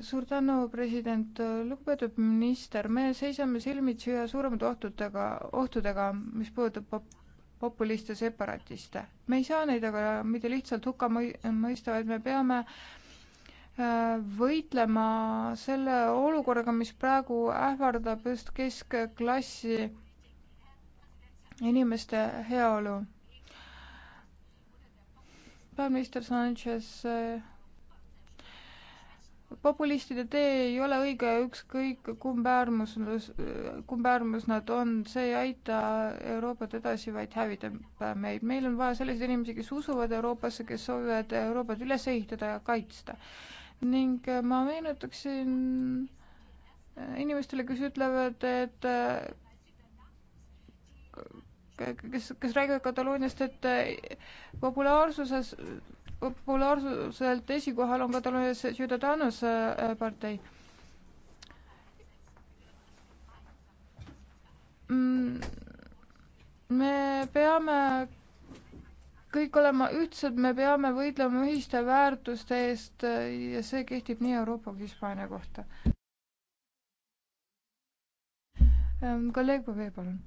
suur tänu, president, lugupeetud minister, me seisame silmitsi üha suuremate ohtudega, ohtudega, mis puudutab pop-, populiste separatiste. me ei saa neid aga mitte lihtsalt hukka mõista, vaid me peame äh, võitlema selle olukorraga, mis praegu ähvardab just keskklassi inimeste heaolu. peaminister Sanchez äh, populistide tee ei ole õige, ükskõik kumb äärmus, kumb äärmus nad on, see ei aita Euroopat edasi, vaid hävitab meid. meil on vaja selliseid inimesi, kes usuvad Euroopasse, kes soovivad Euroopat üles ehitada ja kaitsta. ning äh, ma meenutaksin äh, inimestele, kes ütlevad, et äh, kes, kes räägivad Katalooniast, et populaarsuses populaarsuselt esikohal on Katalonias Ciudadanose äh, partei. Mm, me peame kõik olema ühtsed, me peame võitlema ühiste väärtuste eest äh, ja see kehtib nii Euroopa kui Hispaania kohta. Ähm, kolleeg Pove, palun.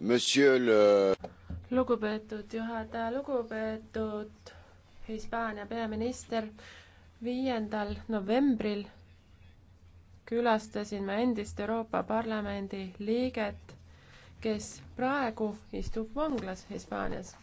Monsieur le lugupeetud juhataja, lugupeetud Hispaania peaminister, viiendal novembril külastasin ma endist Euroopa Parlamendi liiget, kes praegu istub vanglas Hispaanias.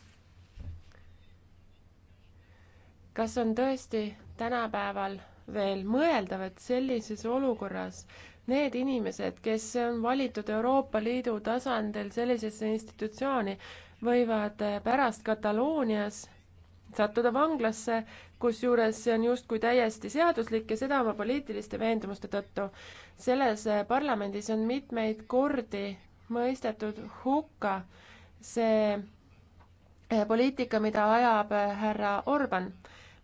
kas on tõesti tänapäeval veel mõeldav, et sellises olukorras need inimesed, kes on valitud Euroopa Liidu tasandil sellisesse institutsiooni, võivad pärast Kataloonias sattuda vanglasse, kusjuures see on justkui täiesti seaduslik ja seda oma poliitiliste veendumuste tõttu. selles parlamendis on mitmeid kordi mõistetud hukka see eh, poliitika, mida ajab eh, härra Orban.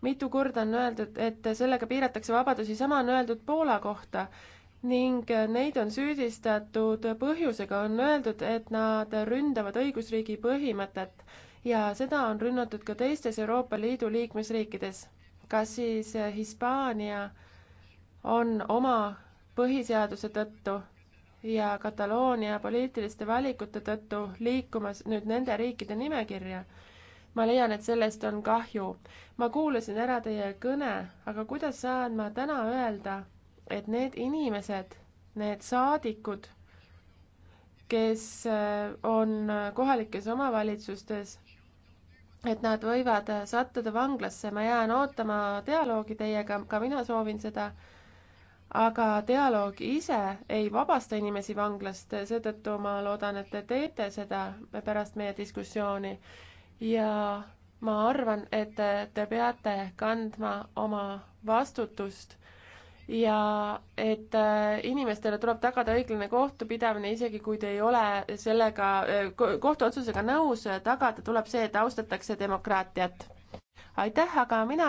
mitu korda on öeldud, et sellega piiratakse vabadusi, sama on öeldud Poola kohta ning neid on süüdistatud põhjusega, on öeldud, et nad ründavad õigusriigi põhimõtet ja seda on rünnatud ka teistes Euroopa Liidu liikmesriikides. kas siis Hispaania on oma põhiseaduse tõttu ja Kataloonia poliitiliste valikute tõttu liikumas nüüd nende riikide nimekirja? ma leian, et sellest on kahju. ma kuulasin ära teie kõne, aga kuidas saan ma täna öelda, et need inimesed, need saadikud, kes äh, on kohalikes omavalitsustes, et nad võivad äh, sattuda vanglasse, ma jään ootama dialoogi teiega, ka mina soovin seda, aga dialoog ise ei vabasta inimesi vanglast, seetõttu ma loodan, et te teete seda pärast meie diskussiooni ja ma arvan, et te peate kandma oma vastutust ja et äh, inimestele tuleb tagada õiglane kohtupidamine, isegi kui te ei ole sellega, äh, kohtuotsusega nõus, tagada tuleb see, et austatakse demokraatiat. aitäh, aga mina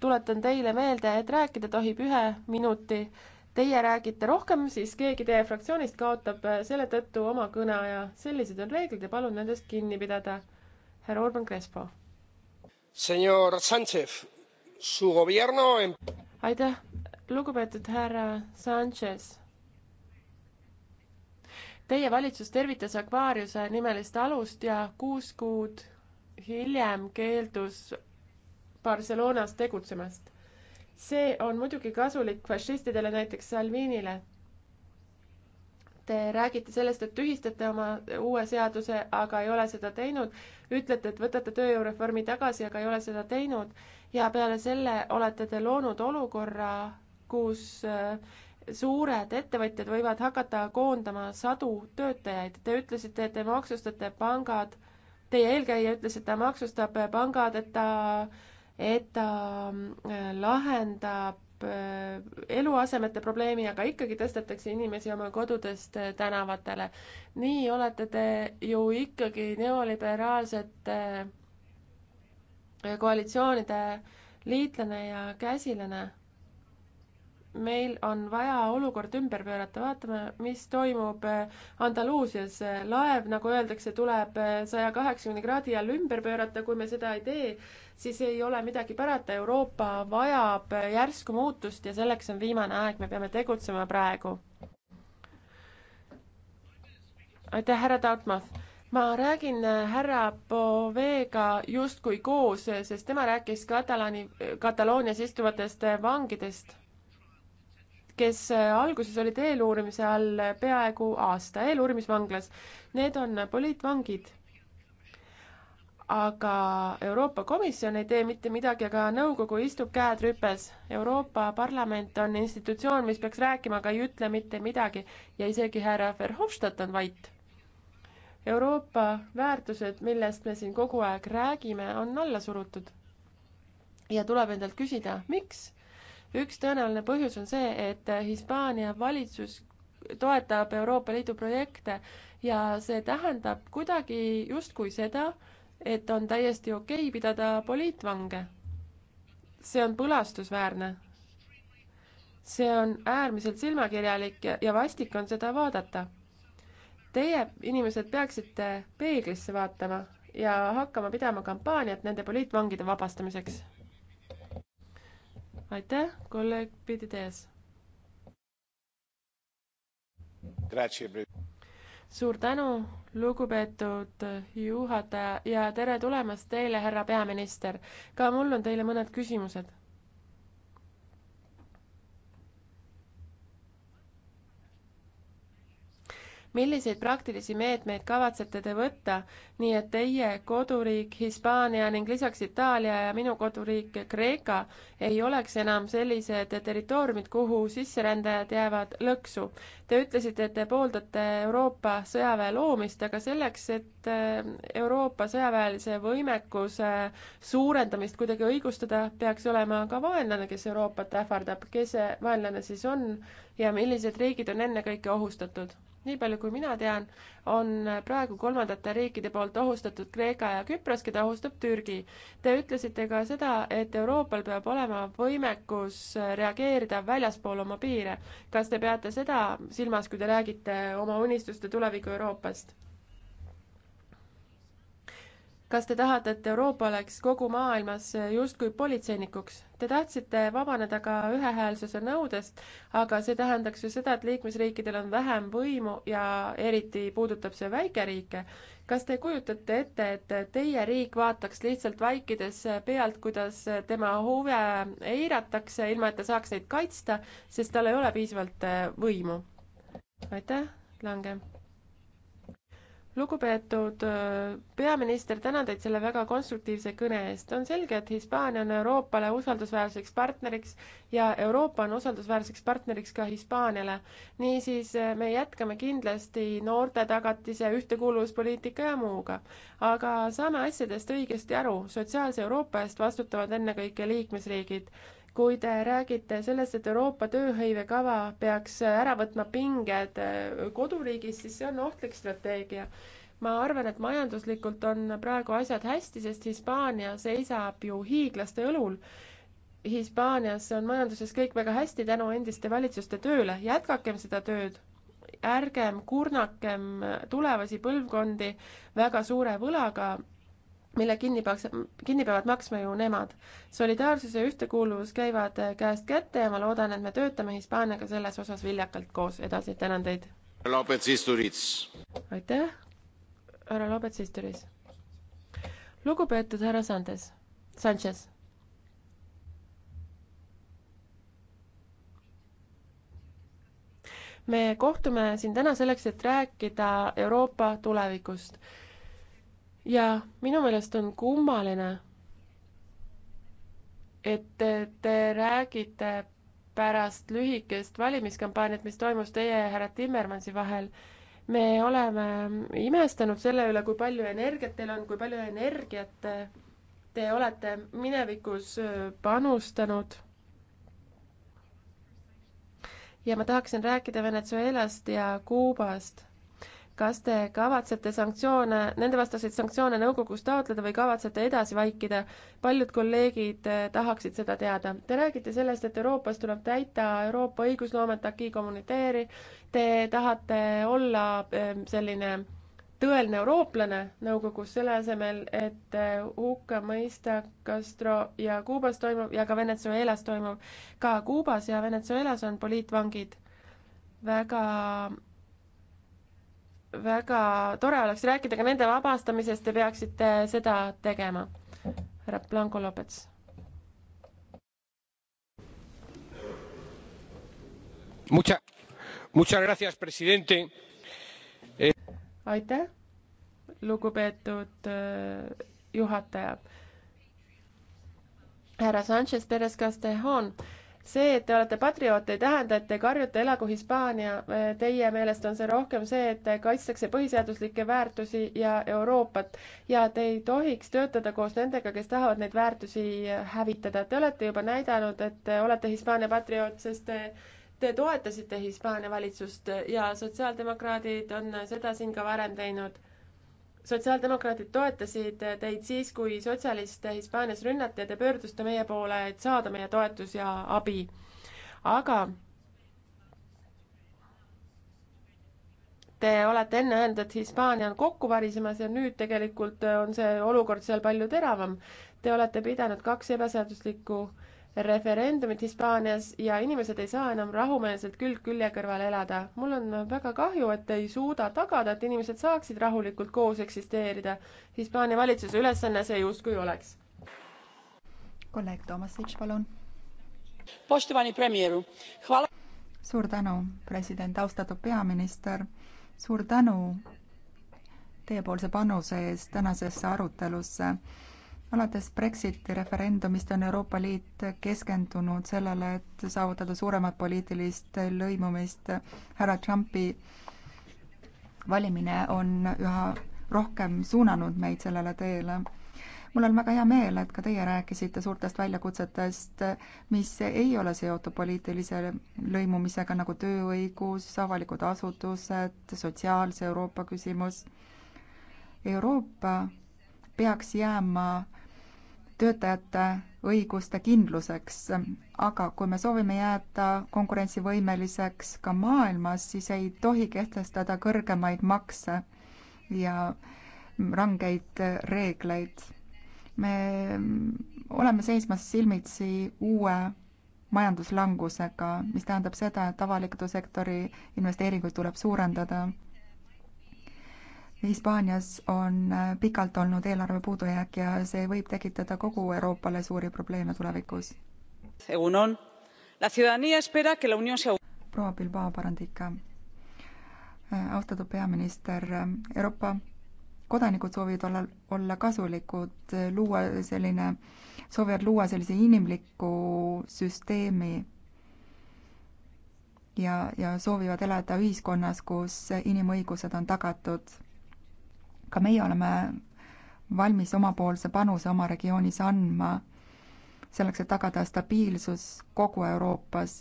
tuletan teile meelde, et rääkida tohib ühe minuti. Teie räägite rohkem, siis keegi teie fraktsioonist kaotab äh, selle tõttu oma kõneaja. sellised on reeglid ja palun nendest kinni pidada. härra Urban Crespo. Senor Sanchez, su gobierno en... aitäh lugupeetud härra Sanchez. Teie valitsus tervitas Aquariuse nimelist alust ja kuus kuud hiljem keeldus Barcelonas tegutsemast. see on muidugi kasulik fašistidele, näiteks Salvinile. Te räägite sellest, et tühistate oma uue seaduse, aga ei ole seda teinud. ütlete, et võtate tööjõureformi tagasi, aga ei ole seda teinud. ja peale selle olete te loonud olukorra, kus äh, suured ettevõtjad võivad hakata koondama sadu töötajaid. Te ütlesite, et te maksustate pangad, teie eelkäija ütles, et ta maksustab äh, pangad, et ta, et ta äh, lahendab eluasemete probleemi, aga ikkagi tõstetakse inimesi oma kodudest tänavatele. nii olete te ju ikkagi neoliberaalsete koalitsioonide liitlane ja käsilane meil on vaja olukord ümber pöörata, vaatame, mis toimub eh, Andaluusias. Eh, laev, nagu öeldakse, tuleb eh, saja kaheksakümne kraadi all ümber pöörata, kui me seda ei tee, siis ei ole midagi pärata, Euroopa vajab järsku muutust ja selleks on viimane aeg, me peame tegutsema praegu. aitäh, härra Tautmann ma räägin härra Poveega justkui koos, sest tema rääkis Katalaani, Kataloonias istuvatest vangidest kes äh, alguses olid eeluurimise all peaaegu aasta eeluurimisvanglas, need on poliitvangid. aga Euroopa Komisjon ei tee mitte midagi, aga nõukogu istub käed rüpes. Euroopa Parlament on institutsioon, mis peaks rääkima, aga ei ütle mitte midagi ja isegi härra Verhofstadt on vait. Euroopa väärtused, millest me siin kogu aeg räägime, on alla surutud. ja tuleb endalt küsida, miks üks tõenäoline põhjus on see, et Hispaania valitsus toetab Euroopa Liidu projekte ja see tähendab kuidagi justkui seda, et on täiesti okei pidada poliitvange. see on põlastusväärne. see on äärmiselt silmakirjalik ja vastik on seda vaadata. Teie, inimesed, peaksite peeglisse vaatama ja hakkama pidama kampaaniat nende poliitvangide vabastamiseks aitäh, kolleeg Pidides. suur tänu, lugupeetud juhataja ja tere tulemast teile, härra peaminister. ka mul on teile mõned küsimused milliseid praktilisi meetmeid kavatsete te võtta, nii et teie koduriik Hispaania ning lisaks Itaalia ja minu koduriik Kreeka ei oleks enam sellised territooriumid, kuhu sisserändajad jäävad lõksu? Te ütlesite, et te pooldate Euroopa sõjaväe loomist, aga selleks, et äh, Euroopa sõjaväelise võimekuse suurendamist kuidagi õigustada, peaks olema ka vaenlane, kes Euroopat ähvardab, kes see vaenlane siis on ja millised riigid on ennekõike ohustatud? nii palju kui mina tean, on praegu kolmandate riikide poolt ohustatud Kreeka ja Küpros, keda ohustab Türgi. Te ütlesite ka seda, et Euroopal peab olema võimekus reageerida väljaspool oma piire. kas te peate seda silmas, kui te räägite oma unistuste tuleviku Euroopast? kas te tahate, et Euroopa oleks kogu maailmas justkui politseinikuks? Te tahtsite vabaneda ka ühehäälsuse nõudest, aga see tähendaks ju seda, et liikmesriikidel on vähem võimu ja eriti puudutab see väikeriike. kas te kujutate ette, et teie riik vaataks lihtsalt vaikides pealt, kuidas tema huve eiratakse, ilma et ta saaks neid kaitsta, sest tal ei ole piisavalt võimu? aitäh, Lange! lugupeetud äh, peaminister, tänan teid selle väga konstruktiivse kõne eest. on selge, et Hispaania on Euroopale usaldusväärseks partneriks ja Euroopa on usaldusväärseks partneriks ka Hispaaniale. niisiis äh, me jätkame kindlasti noorte tagatise, ühtekuuluvuspoliitika ja muuga. aga saame asjadest õigesti aru, sotsiaalse Euroopa eest vastutavad ennekõike liikmesriigid kui te räägite sellest, et Euroopa tööhõivekava peaks ära võtma pinged äh, koduriigis, siis see on ohtlik strateegia. ma arvan, et majanduslikult on praegu asjad hästi, sest Hispaania seisab ju hiiglaste õlul. Hispaanias on majanduses kõik väga hästi tänu endiste valitsuste tööle, jätkakem seda tööd ärgem kurnakem tulevasi põlvkondi väga suure võlaga mille kinni paks-, kinni peavad maksma ju nemad. solidaarsus ja ühtekuuluvus käivad käest kätte ja ma loodan, et me töötame Hispaaniaga selles osas viljakalt koos edasi, tänan teid. aitäh, härra Lopez Isturis. lugupeetud härra Sandes, Sanchez. me kohtume siin täna selleks, et rääkida Euroopa tulevikust ja minu meelest on kummaline, et te räägite pärast lühikest valimiskampaaniat, mis toimus teie ja härra Timmermansi vahel, me oleme imestanud selle üle, kui palju energiat teil on, kui palju energiat te olete minevikus panustanud. ja ma tahaksin rääkida Venezuelast ja Kuubast kas te kavatsete sanktsioone, nendevastaseid sanktsioone nõukogus taotleda või kavatsete edasi vaikida? paljud kolleegid eh, tahaksid seda teada. Te räägite sellest, et Euroopas tuleb täita Euroopa õigusloomet, acquis communitaire'i, te tahate olla ehm, selline tõeline eurooplane nõukogus, selle asemel, et eh, hukka mõista Castro ja Kuubas toimuv ja ka Venezuelas toimuv. ka Kuubas ja Venezuelas on poliitvangid väga väga tore oleks rääkida ka nende vabastamisest, te peaksite seda tegema. härra Blanco Lopets. Mucha, muchas gracias, presidente. Eh, aitäh, lugupeetud eh, juhataja. härra Sanchez Perez Castejon see, et te olete patrioot, ei tähenda, et te karjute elagu Hispaania. Teie meelest on see rohkem see, et kaitstakse põhiseaduslikke väärtusi ja Euroopat ja te ei tohiks töötada koos nendega, kes tahavad neid väärtusi hävitada. Te olete juba näidanud, et te olete Hispaania patrioot, sest te Te toetasite Hispaania valitsust ja sotsiaaldemokraadid on seda siin ka varem teinud sotsiaaldemokraadid toetasid teid siis, kui sotsialiste Hispaanias rünnati ja te pöördusite meie poole, et saada meie toetus ja abi. aga te olete enne öelnud, et Hispaania on kokku varisemas ja nüüd tegelikult on see olukord seal palju teravam. Te olete pidanud kaks ebaseaduslikku äh, referendumit Hispaanias ja inimesed ei saa enam rahumeelselt külg külje kõrval elada. mul on väga kahju, et ei suuda tagada, et inimesed saaksid rahulikult koos eksisteerida. Hispaania valitsuse ülesanne see justkui oleks. kolleeg Tomasitš, palun. poštovani premjeru, hvala. suur tänu, president, austatud peaminister, suur tänu teiepoolse panuse eest tänasesse arutelusse alates Brexiti referendumist on Euroopa Liit keskendunud sellele, et saavutada suuremat poliitilist lõimumist. härra Trumpi valimine on üha rohkem suunanud meid sellele teele. mul on väga hea meel, et ka teie rääkisite suurtest väljakutsetest, mis ei ole seotud poliitilise lõimumisega, nagu tööõigus, avalikud asutused, sotsiaalse Euroopa küsimus. Euroopa peaks jääma töötajate õiguste kindluseks, aga kui me soovime jääda konkurentsivõimeliseks ka maailmas, siis ei tohi kehtestada kõrgemaid makse ja rangeid reegleid. me oleme seismas silmitsi uue majanduslangusega, mis tähendab seda, et avaliku sektori investeeringuid tuleb suurendada Hispaanias on äh, pikalt olnud eelarve puudujääk ja see võib tekitada kogu Euroopale suuri probleeme tulevikus. proua Bilbao Barandica, äh, austatud peaminister, äh, Euroopa kodanikud soovivad olla, olla kasulikud, luua selline, soovivad luua sellise inimliku süsteemi ja, ja soovivad elada ühiskonnas, kus inimõigused on tagatud ka meie oleme valmis omapoolse panuse oma regioonis andma, selleks, et tagada stabiilsus kogu Euroopas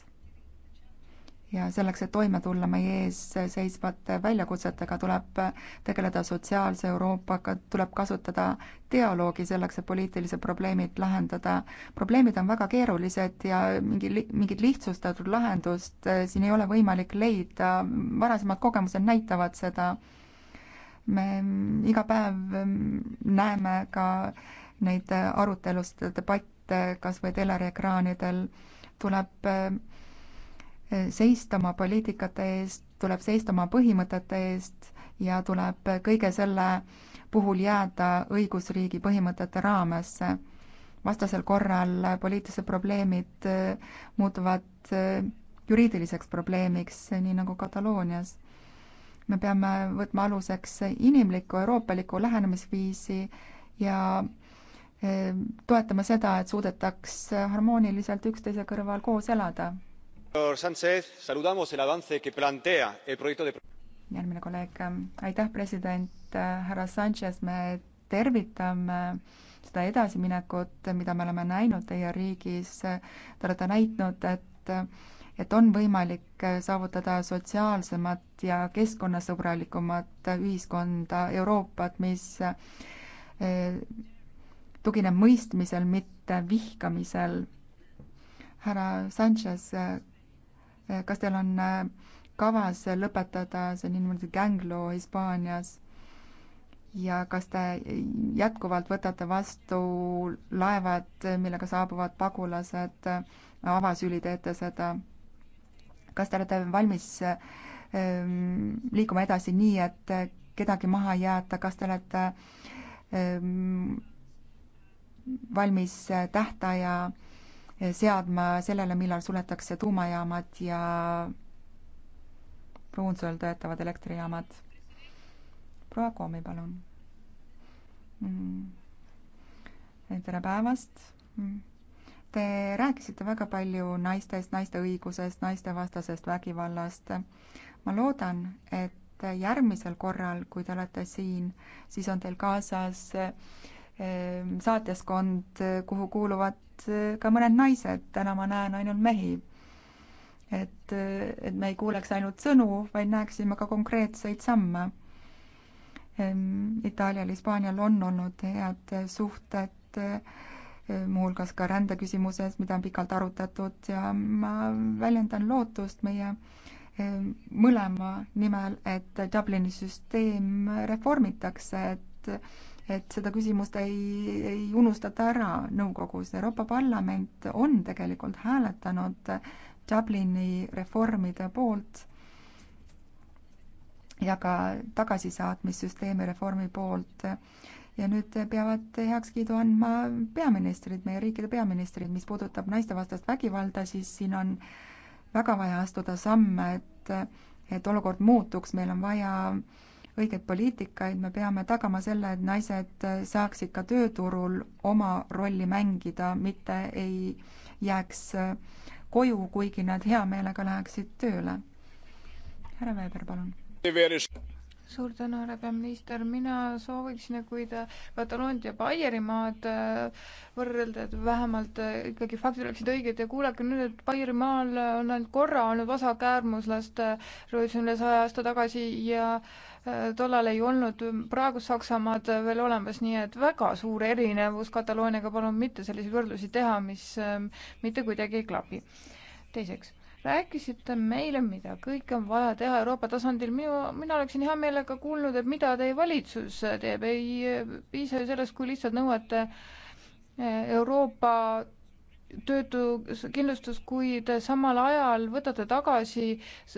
ja selleks, et toime tulla meie ees seisvate väljakutsetega, tuleb tegeleda sotsiaalse Euroopaga, tuleb kasutada dialoogi selleks, et poliitilised probleemid lahendada. probleemid on väga keerulised ja mingi, mingit lihtsustatud lahendust eh, siin ei ole võimalik leida, varasemad kogemused näitavad seda me iga päev mm, näeme ka neid arutelust, debatte kas või teleekraanidel, tuleb eh, seista oma poliitikate eest, tuleb seista oma põhimõtete eest ja tuleb kõige selle puhul jääda õigusriigi põhimõtete raamesse. vastasel korral poliitilised probleemid eh, muutuvad eh, juriidiliseks probleemiks, nii nagu Kataloonias me peame võtma aluseks inimliku euroopaliku lähenemisviisi ja e, toetama seda, et suudetaks harmooniliselt üksteise kõrval koos elada. järgmine kolleeg, aitäh, president härra Sanchez, me tervitame seda edasiminekut, mida me oleme näinud teie riigis. Te olete näitnud, et et on võimalik äh, saavutada sotsiaalsemat ja keskkonnasõbralikumat äh, ühiskonda, Euroopat, mis äh, tugineb mõistmisel, mitte vihkamisel. härra Sanchez, kas teil on kavas lõpetada see niinimetatud gängloo Hispaanias? ja kas te jätkuvalt võtate vastu laevad, millega saabuvad pagulased, avasüli teete seda? kas te olete valmis ähm, liikuma edasi nii, et kedagi maha ei jäeta, kas te olete ähm, valmis tähtaja äh, seadma sellele, millal suletakse tuumajaamad ja pruunsoel töötavad elektrijaamad. proua Koomi, palun mm.. tere päevast mm.. Te rääkisite väga palju naistest, naiste õigusest, naistevastasest vägivallast. ma loodan, et järgmisel korral, kui te olete siin, siis on teil kaasas ehm, saatjaskond, kuhu kuuluvad ka mõned naised, täna ma näen ainult mehi. et, et me ei kuuleks ainult sõnu, vaid näeksime ka konkreetseid samme. Ehm, Itaalial, Hispaanial on olnud head suhted muuhulgas ka rändeküsimuses, mida on pikalt arutatud ja ma väljendan lootust meie eh, mõlema nimel, et Dublini süsteem reformitakse, et et seda küsimust ei, ei unustata ära nõukogus. Euroopa Parlament on tegelikult hääletanud Dublini reformide poolt ja ka tagasisaatmissüsteemi reformi poolt ja nüüd peavad heakskiidu andma peaministrid, meie riikide peaministrid, mis puudutab naistevastast vägivalda, siis siin on väga vaja astuda samme, et, et olukord muutuks, meil on vaja õigeid poliitikaid, me peame tagama selle, et naised saaksid ka tööturul oma rolli mängida, mitte ei jääks koju, kuigi nad hea meelega läheksid tööle. härra Veeber, palun suur tänu, härra peaminister, mina sooviksin, kui te Kataloonia ja Baierimaad äh, võrrelda, et vähemalt äh, ikkagi faktid oleksid õiged ja kuulake nüüd, et Baierimaal on ainult korra olnud vasakäärmuslaste äh, revolutsioon üle saja aasta tagasi ja tollal ei olnud praegust Saksamaad veel olemas, nii et väga suur erinevus Katalooniaga, palun mitte selliseid võrdlusi teha, mis mitte kuidagi ei klapi. teiseks rääkisite meile, mida kõike on vaja teha Euroopa tasandil, minu, mina oleksin hea meelega kuulnud, et mida teie valitsus teeb, ei piisa ju sellest, kui lihtsalt nõuate eh, Euroopa töötukindlustus, kuid samal ajal võtate tagasi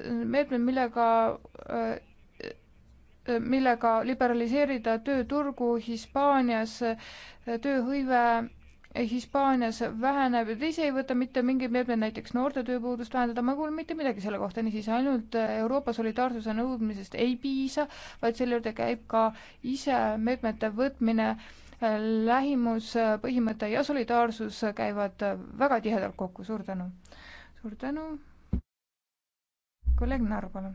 meetmed, millega, eh, millega liberaliseerida tööturgu Hispaanias, eh, tööhõive Hispaanias väheneb ja te ise ei võta mitte mingeid meetmeid näiteks noorte tööpuudust vähendada, ma ei kuulnud mitte midagi selle kohta, niisiis ainult äh, Euroopa solidaarsuse nõudmisest ei piisa, vaid selle juurde käib ka ise meetmete võtmine, äh, lähimuspõhimõte ja solidaarsus käivad äh, väga tihedalt kokku, suur tänu. suur tänu. kolleeg Naar, palun.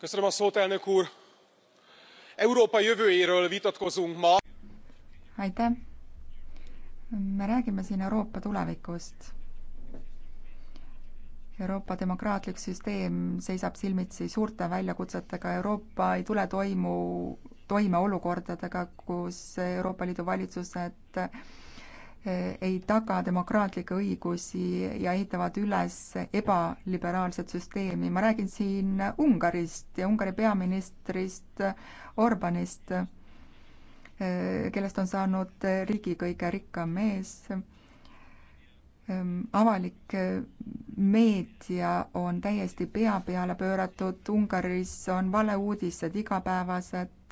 köszönöm a szót, elnök úr! Euroopa jövőjéről vitatkozunk ma. aitäh. me räägime siin Euroopa tulevikust. Euroopa demokraatlik süsteem seisab silmitsi suurte väljakutsetega, Euroopa ei tule toimu, toime olukordadega, kus Euroopa Liidu valitsused Eh, ei taga demokraatlikke õigusi ja ehitavad üles ebaliberaalset süsteemi. ma räägin siin Ungarist ja Ungari peaministrist Orbanist, eh, kellest on saanud riigi kõige rikkam mees. Eh, avalik meedia on täiesti pea peale pööratud, Ungaris on valeuudised igapäevased,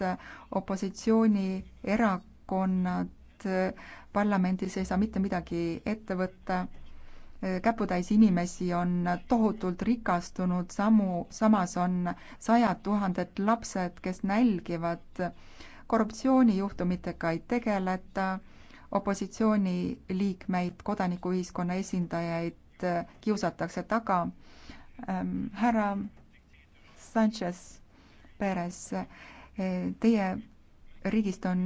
opositsioonierakonnad et äh, parlamendis ei saa mitte midagi ette võtta. Äh, käputäis inimesi on tohutult rikastunud, samu, samas on sajad tuhanded lapsed, kes nälgivad. korruptsioonijuhtumitega ei tegeleta, opositsiooniliikmeid, kodanikuühiskonna esindajaid äh, kiusatakse taga. Ähm, härra Sanchez Perez, teie riigist on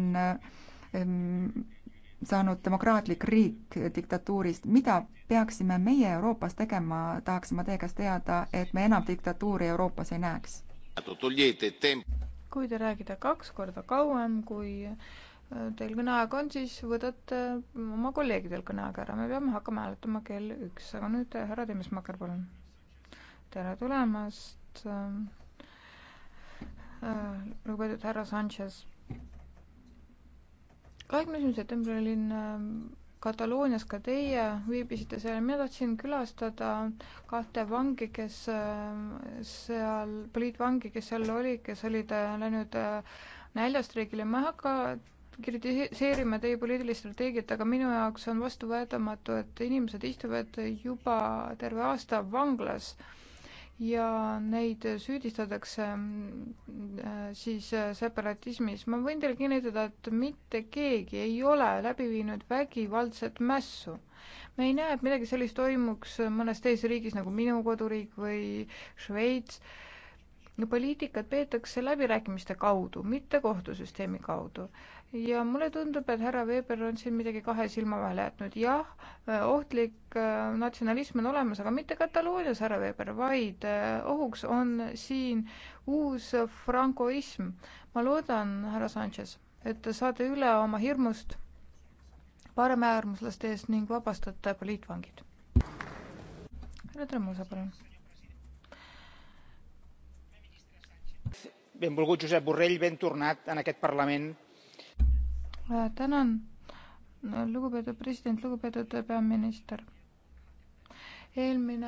saanud demokraatlik riik diktatuurist, mida peaksime meie Euroopas tegema, tahaks ma teie käest teada, et me enam diktatuuri Euroopas ei näeks. kui te räägite kaks korda kauem, kui äh, teil kõneaeg on, siis võtate äh, oma kolleegidel kõneaega ära, me peame hakkama hääletama kell üks, aga nüüd äh, härra Timmismaker, palun. tere tulemast äh,, äh, lugupeetud härra Sanchez kahekümne esimesel septembril olin ähm, Kataloonias ka teie viibisite seal, mina tahtsin külastada kahte vangi, kes ähm, seal, poliitvangi, kes seal olid, kes olid äh, läinud äh, näljastreigile, ma ei hakka kritiseerima teie poliitilist strateegiat, aga minu jaoks on vastuvõetamatu, et inimesed istuvad juba terve aasta vanglas äh, ja neid süüdistatakse äh, siis äh, separatismis. ma võin teile kinnitada, et mitte keegi ei ole läbi viinud vägivaldset mässu. me ei näe, et midagi sellist toimuks mõnes teises riigis nagu minu koduriik või Šveits. poliitikat peetakse läbirääkimiste kaudu, mitte kohtusüsteemi kaudu ja mulle tundub, et härra Weber on siin midagi kahe silma vahele jätnud. jah, äh, ohtlik äh, natsionalism on olemas, aga mitte Kataloonias, härra Weber, vaid äh, ohuks on siin uus frankoism. ma loodan, härra Sanchez, et te saate üle oma hirmust paremäärmuslaste eest ning vabastate poliitvangid. härra Tremosa, palun. benvolgut Josep Borrell, ben tornat en aquest Parlament Äh, tänan, lugupeetud president, lugupeetud peaminister. eelmine